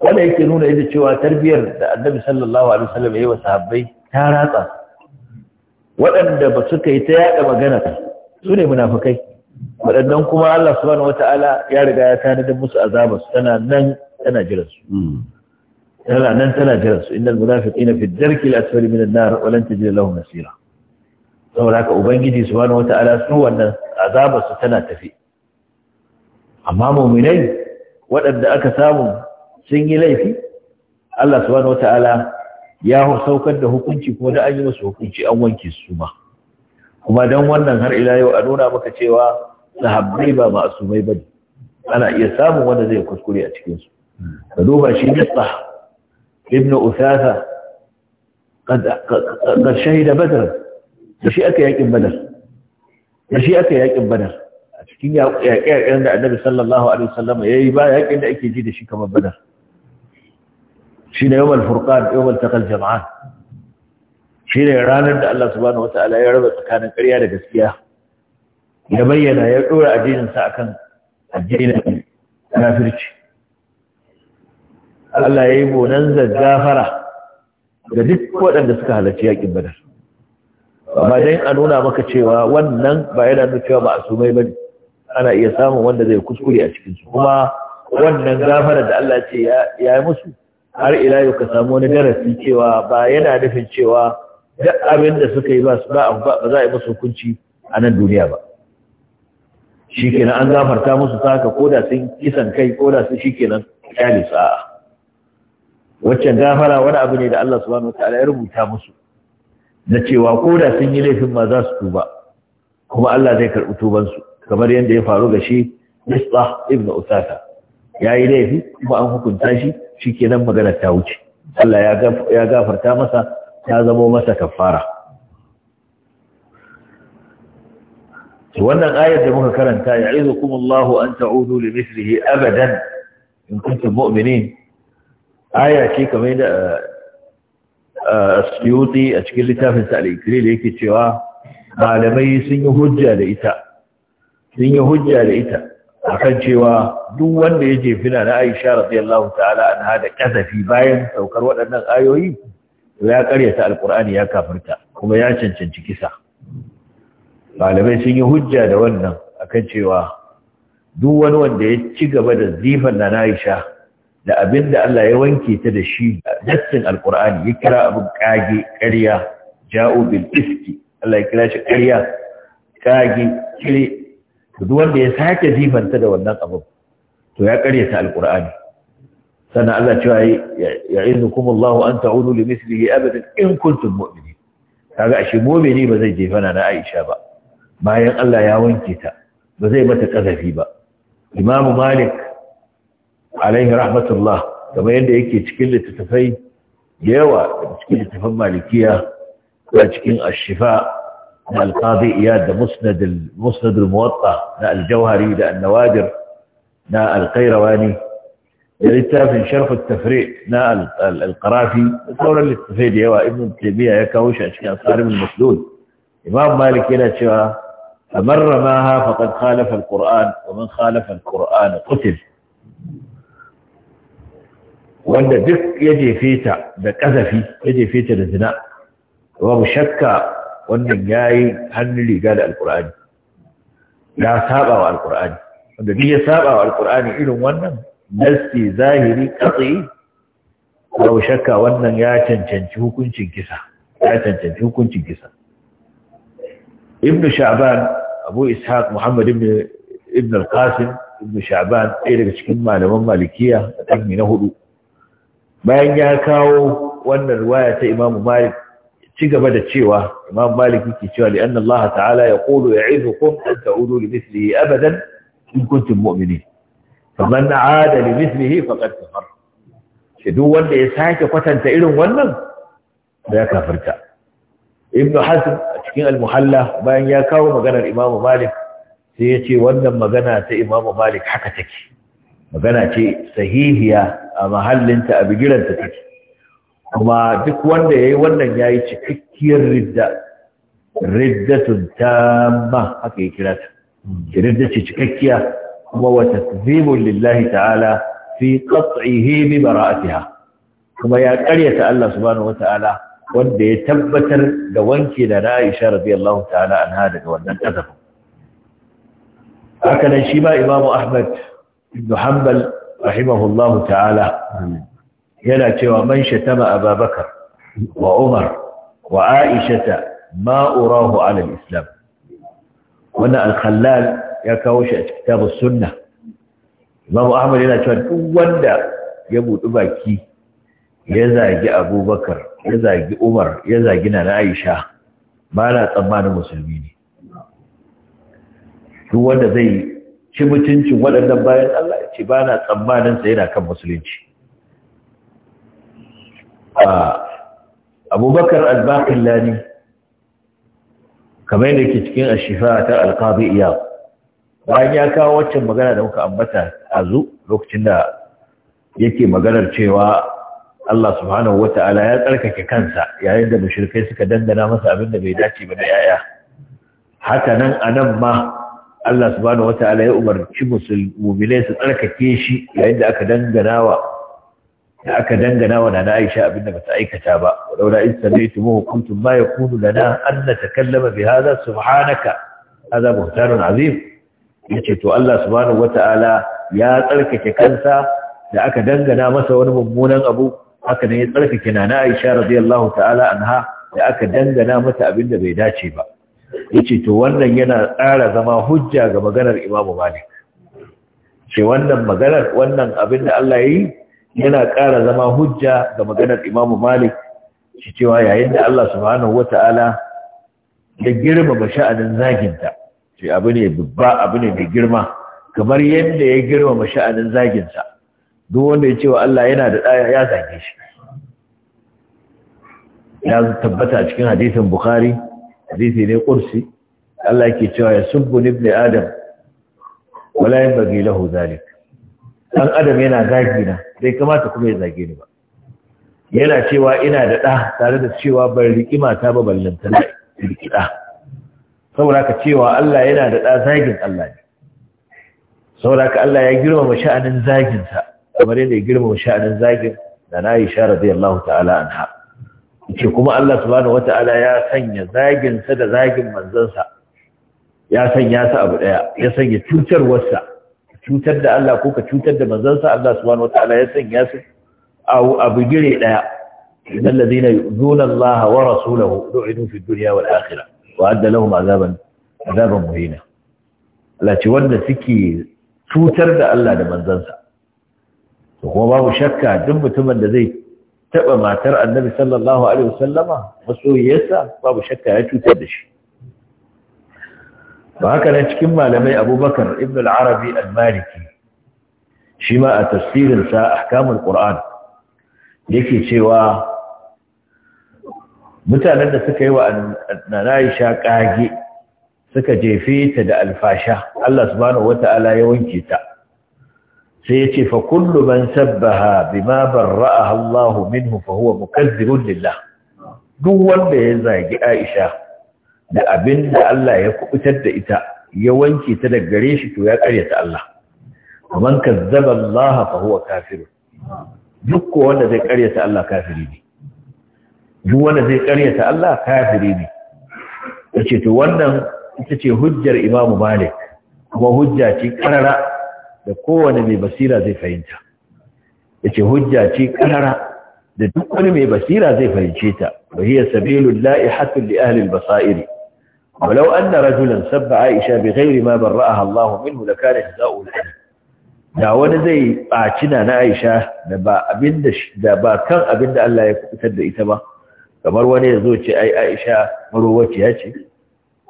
wanda yake nuna yadda cewa tarbiyyar da annabi sallallahu alaihi wasallam ya yi wa sahabbai ta ratsa waɗanda ba suka yi ta yaɗa magana su ne munafukai waɗannan kuma Allah subhanahu wata'ala ya riga ya tanadar musu azabar tana nan tana jiransu hmm. tana nan tana jiran su innal munafiqina fi darkil asfali minan nar wa lan tajid lahum nasira saboda haka ubangiji subhanahu wataala su wannan azabarsu tana tafi amma mu'minai waɗanda aka samu sun yi laifi Allah wata ala ya saukar da hukunci kuma da an yi musu hukunci an wanke su ma kuma dan wannan har ila yau a nuna maka cewa sahabbai ba ma'asumai bane ana iya samun wanda zai kuskure a cikin su ka duba shi ne ibn usasa qad shahida badr da shi aka yakin badar da shi aka yakin badar a cikin yaƙe da annabi sallallahu alaihi wasallam yayi ba yaƙin da ake ji da shi kamar badar shine yawmal furqan yawmal taqal Shi shine ranar da Allah subhanahu wataala ya raba tsakanin ƙarya da gaskiya ya bayyana ya dora addinin sa akan addinin kafirci Allah ya yi bonan gafara ga duk waɗanda suka halarci yaƙin badar amma dai a nuna maka cewa wannan ba yana nuna cewa ba a sumai ba ana iya samun wanda zai kuskure a cikinsu kuma wannan gafara da Allah ce ya yi musu har ila yau ka samu wani darasi cewa ba yana nufin cewa duk abin da suka yi ba ba za a yi musu hukunci a nan duniya ba shi kenan an zafarta musu ta haka da sun kisan kai ko da sun shi kenan kyale sa'a waccan gafara wani abu ne da Allah subhanahu wataala ya rubuta musu na cewa ko da sun yi laifin ma za su tuba kuma Allah zai karɓi tubansu kamar yadda ya faru ga shi Misbah ibn Usata ya yi laifi kuma an hukunta shi shi kenan magana ta wuce Allah ya gafarta masa ta zamo masa kafara wannan ayar da muka karanta ya izu kuma an ta'udu li mislihi abadan in kuntum mu'minin aya ce kamar da Asyuti a cikin littafin sa al da yake cewa malamai sun yi hujja da ita sun yi hujja da ita akan cewa duk wanda ya jefi na Aisha radiyallahu ta'ala an da kasafi bayan saukar waɗannan ayoyi ya karyata alqur'ani ya kafirta kuma ya cancanci kisa malamai sun yi hujja da wannan akan cewa duk wani wanda ya ci gaba da zifan na Aisha da abin da Allah ya wanke ta da shi dattin alkur'ani ya kira abin kage ƙarya ja'u bil iski Allah ya kira shi ƙarya kage kire duk wanda ya sake jifanta da wannan abin to ya ta alkur'ani sannan Allah cewa ya'izukumullahu an ta'udu li mislihi abadan in kuntum mu'minin kaga ashe mu'mini ba zai jefana na Aisha ba bayan Allah ya wanke ta ba zai mata kazafi ba Imam Malik alaihi rahmatullah kamar yadda yake cikin littattafai da yawa cikin littattafan malikiya da cikin ashifa na alkazi iya da musnadul muwatta na aljauhari da annawadir na alkairawani da littafin sharfin tafri na alkarafi da sauran littattafai da yawa ibn taimiyya ya kawo shi a cikin asarin maslul imam malik yana cewa فمن رماها فقد خالف القرآن ومن خالف القرآن قتل wanda duk ya jefe ta da ƙazafi ya jefe ta da zina babu shakka wannan ya yi hannun riga da alkur'ani ya saba wa alkur'ani wanda duk ya saba wa alkur'ani irin wannan nasti zahiri katsi babu shakka wannan ya cancanci hukuncin kisa ya cancanci hukuncin kisa ibn sha'ban abu ishaq muhammad ibn ibn al-qasim ibn sha'ban ɗaya daga cikin malaman malikiya a ƙarni na hudu bayan ya kawo wannan riwaya ta Imam Malik ci gaba da cewa Imam Malik yake cewa li anna ya ta'ala yaqulu ya'izukum an ta'udu li mithlihi abadan in kuntum mu'minin faman 'ada li mithlihi faqad kafar shi duk wanda ya sake kwatanta irin wannan ya kafirta Ibn Hazm a cikin Al-Muhalla bayan ya kawo maganar Imam Malik sai ya ce wannan magana ta Imam Malik haka take magana ce sahihiya a mahallinta a bigiranta take kuma duk wanda ya yi wannan ya yi cikakkiyar ridda riddatun ma haka ya kira ta ridda ce cikakkiya kuma wata taszimun lillahi ta'ala fi qat'ihi bi bara'atiha kuma ya karyata Allah subhanahu wanda ya tabbatar da wanke da na Aisha radiyallahu ta'ala anha daga wannan kazafin haka nan shi ma Imam Ahmad ibn hanbal rahimahullahu ta'ala yana cewa man shatama ababakar wa umar wa aishata ma urahu ala islam wannan al-khallal ya kawo shi a kitabus sunna, imam ahmad yana cewa duk wanda ya buɗi baki ya zagi abubakar ya zagi umar ya zagi na aisha ba na tsammanin musulmi ne duk wanda zai ci mutuncin waɗannan bayan Allah ce ba na tsammanin sa yana kan musulunci abubakar albaƙin lani kamar yadda ke cikin ashifa ta alƙabi iya bayan ya kawo waccan magana da muka ambata a zu lokacin da yake maganar cewa Allah subhanahu ta'ala ya tsarkake kansa yayin da mushrikai suka dandana masa abin da bai dace ba da yaya haka nan anan ma Allah subhanahu ya umarci musulmai su tsarkake shi yayin da aka dangana wa da aka dangana wa nana Aisha abin da bata aikata ba walaula in sami'tumuhu kunu ma yakunu lana an natakallama bi hadha subhanaka hadha buhtanun azim yace to Allah subhanahu ya tsarkake kansa da aka dangana masa wani mummunan abu haka ne ya tsarkake nana Aisha radiyallahu ta'ala anha da aka dangana mata abin da bai dace ba yace to wannan yana tsara zama hujja ga maganar Imam Malik ce wannan maganar wannan abin da Allah yi yana ƙara zama hujja ga maganar Imam Malik shi cewa yayin da Allah subhanahu wata'ala ya girmama sha'anin zaginta ce abu ne babba abu ne da girma kamar yadda ya girmama sha'anin zaginsa duk wanda ya cewa Allah yana da ɗaya ya zage shi ya tabbata cikin hadisin Bukhari hadisi ne kursi Allah yake cewa ya subbu ibn adam wala yanbaghi lahu zalik dan adam yana zagi na bai kamata kuma ya zage ni ba yana cewa ina da ɗa tare da cewa ban riƙi mata ba ballan ta riki ɗa saboda ka cewa Allah yana da ɗa zagin Allah ne saboda ka Allah ya girmama sha'anin zaginsa kamar yadda ya girmama sha'anin zagin da na yi sha radiyallahu ta'ala anha ce kuma Allah subhanahu wata'ala ya sanya zaginsa da zagin manzansa ya sanya su abu daya ya sanya cutarwarsa cutar da Allah ko ka cutar da manzansa Allah subhanahu wata'ala ya sanya su abu gire daya idan ladina yu'zuna Allah wa rasulahu du'idu fi dunya wal akhirah wa adda lahum azaban azaban muhina Allah ce wanda suke cutar da Allah da manzansa to kuma babu shakka duk mutumin da zai taɓa matar annabi sallallahu alaihi wasallama masoyiyarsa babu shakka ya cutar da shi ba haka nan cikin malamai abubakar ibn al-arabi al-maliki shi ma a tafsirinsa ahkamul qur'an yake cewa mutanen da suka yi wa Aisha kage suka jefe ta da alfasha Allah subhanahu wata'ala ya wanke ta sai ce fa kullu man sabbaha bima barra'aha Allah minhu fa huwa mukazzibun lillah duk wanda ya zagi Aisha da abinda Allah ya kubutar da ita ya wanke ta daga gare shi to ya karyata Allah man kazzaba Allah fa huwa kafir duk wanda zai karyata Allah kafiri ne duk wanda zai karyata Allah kafiri ne yace to wannan ita ce hujjar Imam Malik kuma hujja ce karara da kowane mai basira zai fahimta yace hujja ce karara da duk wani mai basira zai fahimce ta wa hiya sabilul la'ihatu li ahli al-basairi ولو أن رجلا سب عائشة بغير ما برأها الله منه shi إحزاؤه لها da wani zai ɓaci na na Aisha da ba abin da ba kan abin da Allah ya fitar da ita ba kamar wani ya zo ce ai Aisha ya ce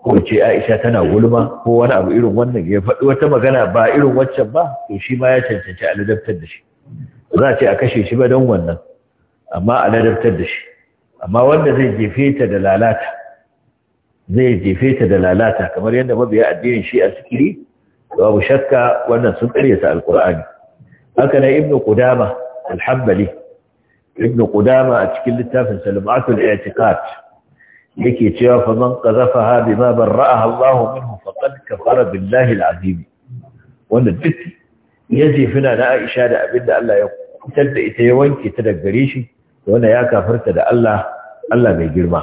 ko ce Aisha tana gulma ko wani abu irin wannan ya faɗi wata magana ba irin waccan ba to shi ma ya cancanci a ladabtar da shi za a ce a kashe shi ba don wannan amma a ladabtar da shi amma wanda zai jefe ta da lalata zai jefe ta da lalata kamar yadda mabiya addinin shi a sikiri babu shakka wannan sun karyata alkur'ani haka na ibnu qudama alhambali ibnu qudama a cikin littafin salmatul i'tiqad yake cewa fa man qazafaha bima barra'a Allahu minhu faqad kafara billahi al-azim wanda duk ya jefi na Aisha da abinda Allah ya kutar da ita ya wanke ta daga gare shi wanda ya kafarta da Allah Allah mai girma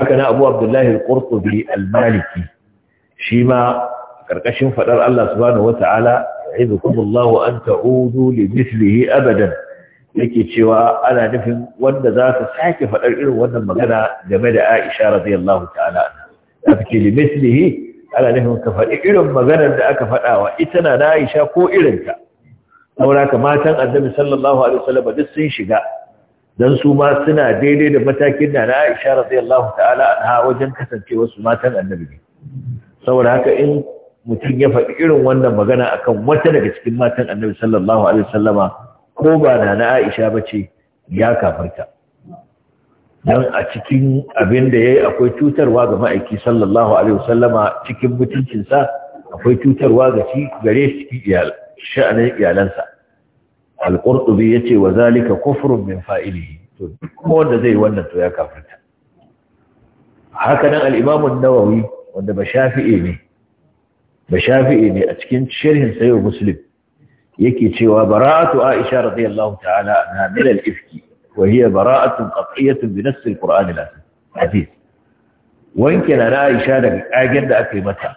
haka na Abu Abdullahi al-Qurtubi al-Maliki shi ma karkashin fadar Allah subhanahu wata'ala ya'idukum Allahu an ta'udu li mithlihi abadan yake cewa ana nufin wanda za ka sake faɗar irin wannan magana game da Aisha radiyallahu ta'ala ta fice mislihi ana nufin ka faɗi irin maganar da aka faɗa wa ita na na Aisha ko irinta saboda ka matan annabi sallallahu alaihi wasallam duk sun shiga dan su ma suna daidai da matakin da na Aisha radiyallahu ta'ala anha wajen kasancewa su matan annabi ne saboda haka in mutum ya faɗi irin wannan magana akan wata daga cikin matan annabi sallallahu alaihi wasallama ko ba na na Aisha ba ce ya kafarta don a cikin abin da ya yi akwai cutarwa ga ma'aiki sallallahu alaihi wasallama cikin mutuncinsa akwai cutarwa ga shi gare shi sha'anin iyalansa al ya ce wa zalika kufrun min fa'ilihi to wanda zai wannan to ya kafarta? haka nan al-imam nawawi wanda ba shafi'e ne ba shafi'i ne a cikin shirhin sayyid muslim yake cewa bara'atu Aisha radiyallahu ta'ala anha min al-ifki wa hiya bara'atun qat'iyyatun bi nass al-Qur'an al-Aziz wanke na Aisha daga kagen da aka yi mata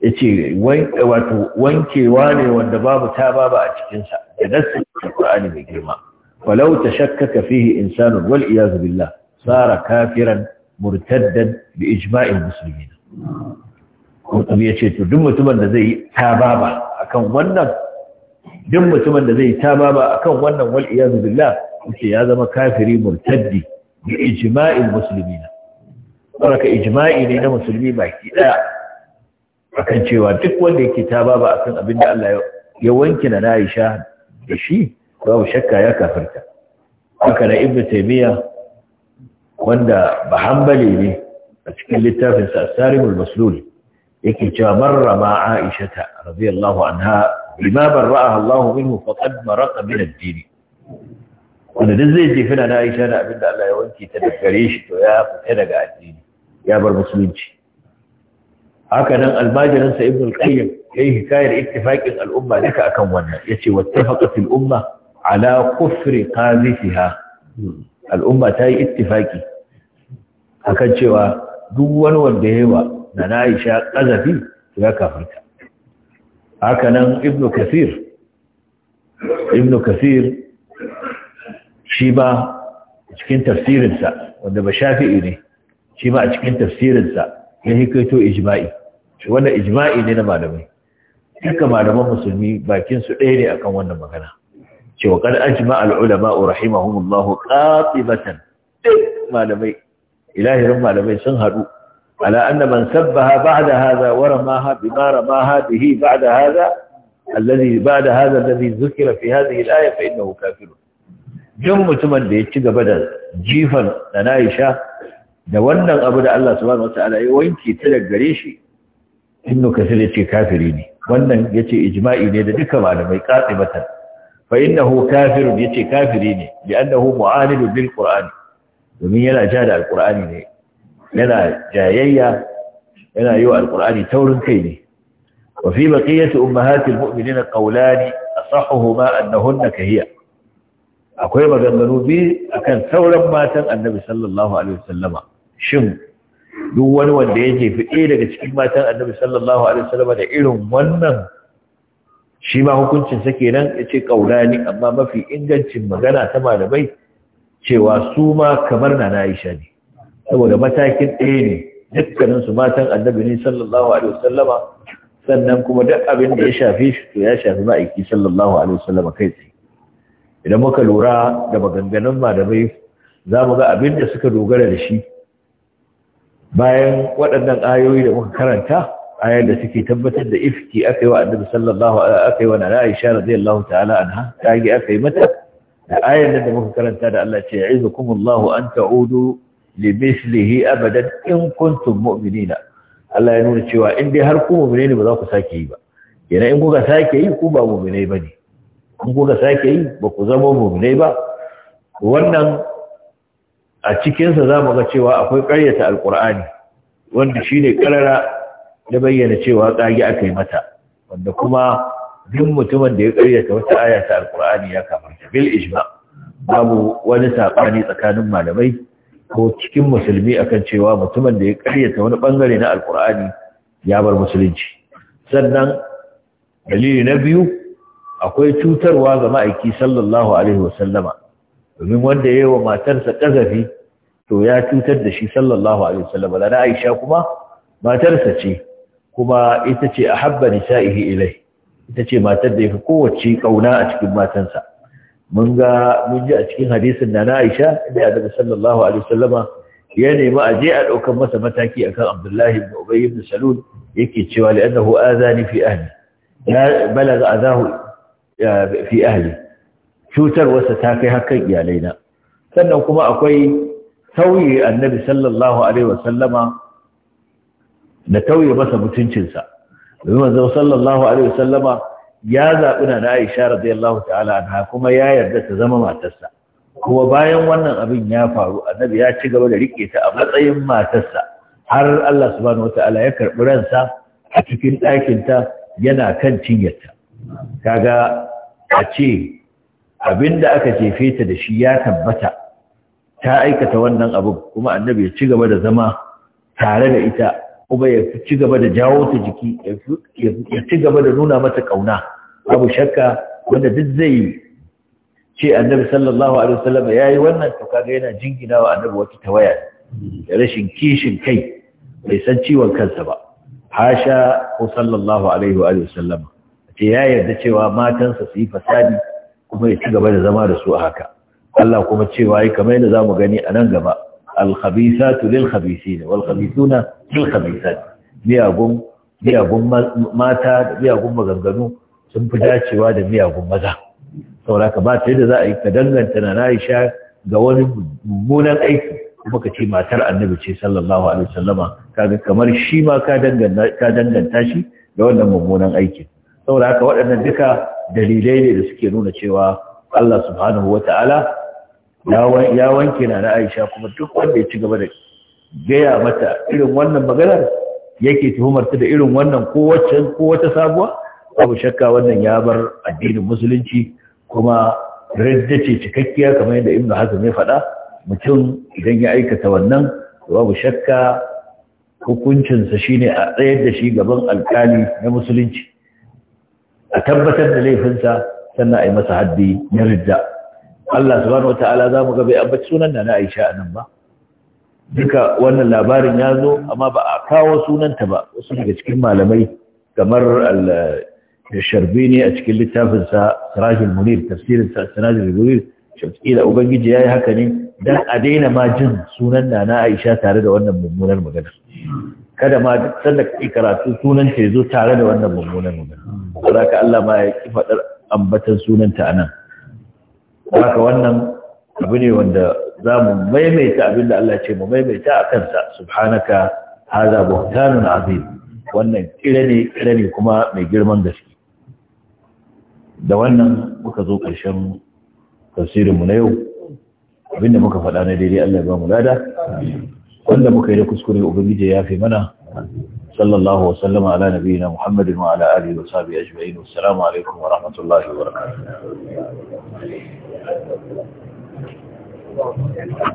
yace wato wankewa ne wanda babu ta babu a cikin sa da nass al-Qur'ani mai girma walau tashakkaka fihi insanu wal iyaz billah sara kafiran murtaddan bi ijma'il muslimin ko yace to duk mutumin da zai ta baba akan wannan duk mutumin da zai ta baba akan wannan wal iyazu billah ya zama kafiri murtaddi bi ijma'il muslimina baraka ijma'i ne na musulmi baki daya akan cewa duk wanda yake ta ba akan abin da Allah ya wanki na Aisha da shi babu shakka ya kafirta haka na ibnu taymiya wanda ba hanbali ne a cikin littafin sa sarimul maslul yake cewa barra ma Aisha ta radiyallahu anha bima barra'aha Allah minhu faqad maraqa min ad-din wanda duk zai jefi na Aisha da abinda Allah ya wanke ta daga gare shi to ya fita daga addini ya bar musulunci haka nan almajirin sa Ibn al-Qayyim yayi hikayar ittifaqin al-umma duka akan wannan yace wattafaqat al-umma ala kufri qazifiha al-umma ta yi ittifaqi akan cewa duk wani wanda ya wa da na aisha ƙazafi ya kafarta haka nan ibnu kasir ibn kasir shi ba cikin tafsirinsa wanda ba shafi'i ne shi ba a cikin tafsirinsa ya hikaito ijma'i wanda ijma'i ne na malamai duka malaman musulmi bakinsu ɗaya ne akan wannan magana cewa kan ajma al'ulama rahimahumullahu qatibatan duk malamai ilahirin malamai sun haɗu على أن من سبها بعد هذا ورماها بما رماها به بعد هذا الذي بعد هذا الذي ذكر في هذه الآية فإنه كافر jin mutumin da ya ci gaba da jifan da na isha da wannan abu da Allah subhanahu wataala ya wanke ta daga gare shi innu kasir ya ce kafiri ne wannan ya ce ijma'i ne da duka malamai katsi mata fa innahu ya ce kafiri ne bi annahu mu'anidu bil qur'ani domin yana ja da alqur'ani ne yana jayayya yana yi wa alkur'ani taurin kai ne wa fi baqiyati ummahatil mu'minina qawlani asahuhuma annahunna kahiya akwai maganganu biyu akan sauran matan annabi sallallahu alaihi wasallama shin duk wani wanda ya jefi ɗaya daga cikin matan annabi sallallahu alaihi wasallama da irin wannan shi ma hukuncin sa kenan ya ce ƙaulani. amma mafi ingancin magana ta malamai cewa su ma kamar na Aisha ne saboda matakin ɗaya ne dukkanin matan annabi ne sallallahu alaihi wasallama sannan kuma duk abin da ya shafi, shi to ya shafi ma'aiki sallallahu alaihi wasallama kai tsaye idan muka lura da maganganun malamai za mu ga abin da suka dogara da shi bayan waɗannan ayoyi da muka karanta ayar da suke tabbatar da ifki aka yi wa annabi sallallahu aka yi wa nana aisha radiyallahu ta'ala anha ta yi aka yi mata da ayar da muka karanta da Allah ce ya'izukumullahu an ta'udu limislihi abadan in kuntum mu'minina Allah ya nuna cewa in dai har ku mu'mine ne ba za ku sake yi ba yana in kuka sake yi ku ba mu'mine ba ne in kuka sake yi ba ku zama mu'mine ba wannan a cikinsa za mu ga cewa akwai ƙaryata alqur'ani wanda shine karara da bayyana cewa kage akai mata wanda kuma duk mutumin da ya ƙaryata wata aya ta alƙur'ani ya kafarta bil ijma babu wani saƙani tsakanin malamai ko cikin musulmi akan cewa mutumin da ya karyata wani bangare na alkur'ani ya bar musulunci sannan dalili na biyu akwai cutarwa ga ma'aiki sallallahu alaihi wasallama domin wanda ya yi wa matarsa ƙazafi to ya cutar da shi sallallahu alaihi wasallama da na aisha kuma matarsa ce kuma ita ce a habba nisa'ihi ilai ita ce matar da ya fi kowace ƙauna a cikin matansa mun ga mun ji a cikin hadisin da na Aisha da daga sallallahu alaihi wasallama ya nemi a je a daukar masa mataki akan Abdullahi ibn Ubay ibn Salul yake cewa li'annahu azani fi ahli ya balaga azahu fi ahli cutar wasa ta kai hakan iyalaina sannan kuma akwai tauye Annabi sallallahu alaihi wasallama da tauye masa mutuncinsa domin manzo sallallahu alaihi wasallama ya zaɓi na Aisha radiyallahu ta'ala anha kuma ya yarda ta zama matarsa kuma bayan wannan abin ya faru annabi ya ci gaba da rike ta a matsayin matarsa har Allah subhanahu wata'ala ya karɓi ransa a cikin ɗakinta yana kan cinyarta kaga a ce abin da aka jefe ta da shi ya tabbata ta aikata wannan abun. kuma annabi ya ci gaba da zama tare da ita kuma ya ci gaba da jawo ta jiki ya ci gaba da nuna mata ƙauna. abu shakka wanda duk zai ce annabi sallallahu alaihi wasallam yayi wannan to kaga yana jinginawa annabi wata tawaya da rashin kishin kai bai san ciwon kansa ba hasha ko sallallahu alaihi wa alihi wasallam ce ya yarda cewa matansa su yi fasadi kuma ya ci gaba da zama da su a haka Allah kuma cewa ai kamar yadda zamu gani a nan gaba al-khabisatu lil-khabisin wal-khabisuna lil-khabisat miyagun miyagun mata da miyagun maganganu sun fi dacewa da miyagun maza saboda ka ba ta yadda za a yi ka danganta na Aisha ga wani mummunan aiki kuma ka ce matar annabi ce sallallahu alaihi wasallama kaga kamar shi ma ka danganta shi da wannan mummunan aikin saboda haka waɗannan duka dalilai ne da suke nuna cewa Allah subhanahu ta'ala ya wanke na na Aisha kuma duk wanda ya ci gaba da gaya mata irin wannan maganar yake tuhumar ta da irin wannan ko wata sabuwa babu shakka wannan ya bar addinin musulunci kuma radda ce cikakkiya kamar yadda ibnu hazm ya faɗa mutum idan ya aikata wannan babu shakka hukuncinsa shine a tsayar da shi gaban alkali na musulunci a tabbatar da laifinsa sannan a yi masa haddi na ridda Allah subhanahu wata'ala za mu bai ambaci sunan da na Aisha a nan ba duka wannan labarin ya zo amma ba a kawo sunanta ba wasu daga cikin malamai kamar sharbini a cikin littafinsa sirajul munir tafsirinsa sirajul munir shakila ubangiji yi haka ne dan a daina ma jin sunan nana Aisha tare da wannan mummunar magana kada ma sanda kai karatu sunan ta zo tare da wannan mummunar magana ka Allah ma ya ki faɗar ambatan sunan ta anan haka wannan abu ne wanda zamu maimaita abinda Allah ce mu maimaita a kansa? subhanaka hadha buhtanun azim wannan kire ne kire ne kuma mai girman gaske da wannan muka zo ƙarshen tafsirinmu na yau abinda muka faɗa na daidai Allah ya ba mu lada wanda muka yi da kuskure ubangiji ya fi mana sallallahu wa sallama ala nabiyina muhammadin wa ala alihi wa sahbihi ajma'in alaikum wa rahmatullahi wa barakatuh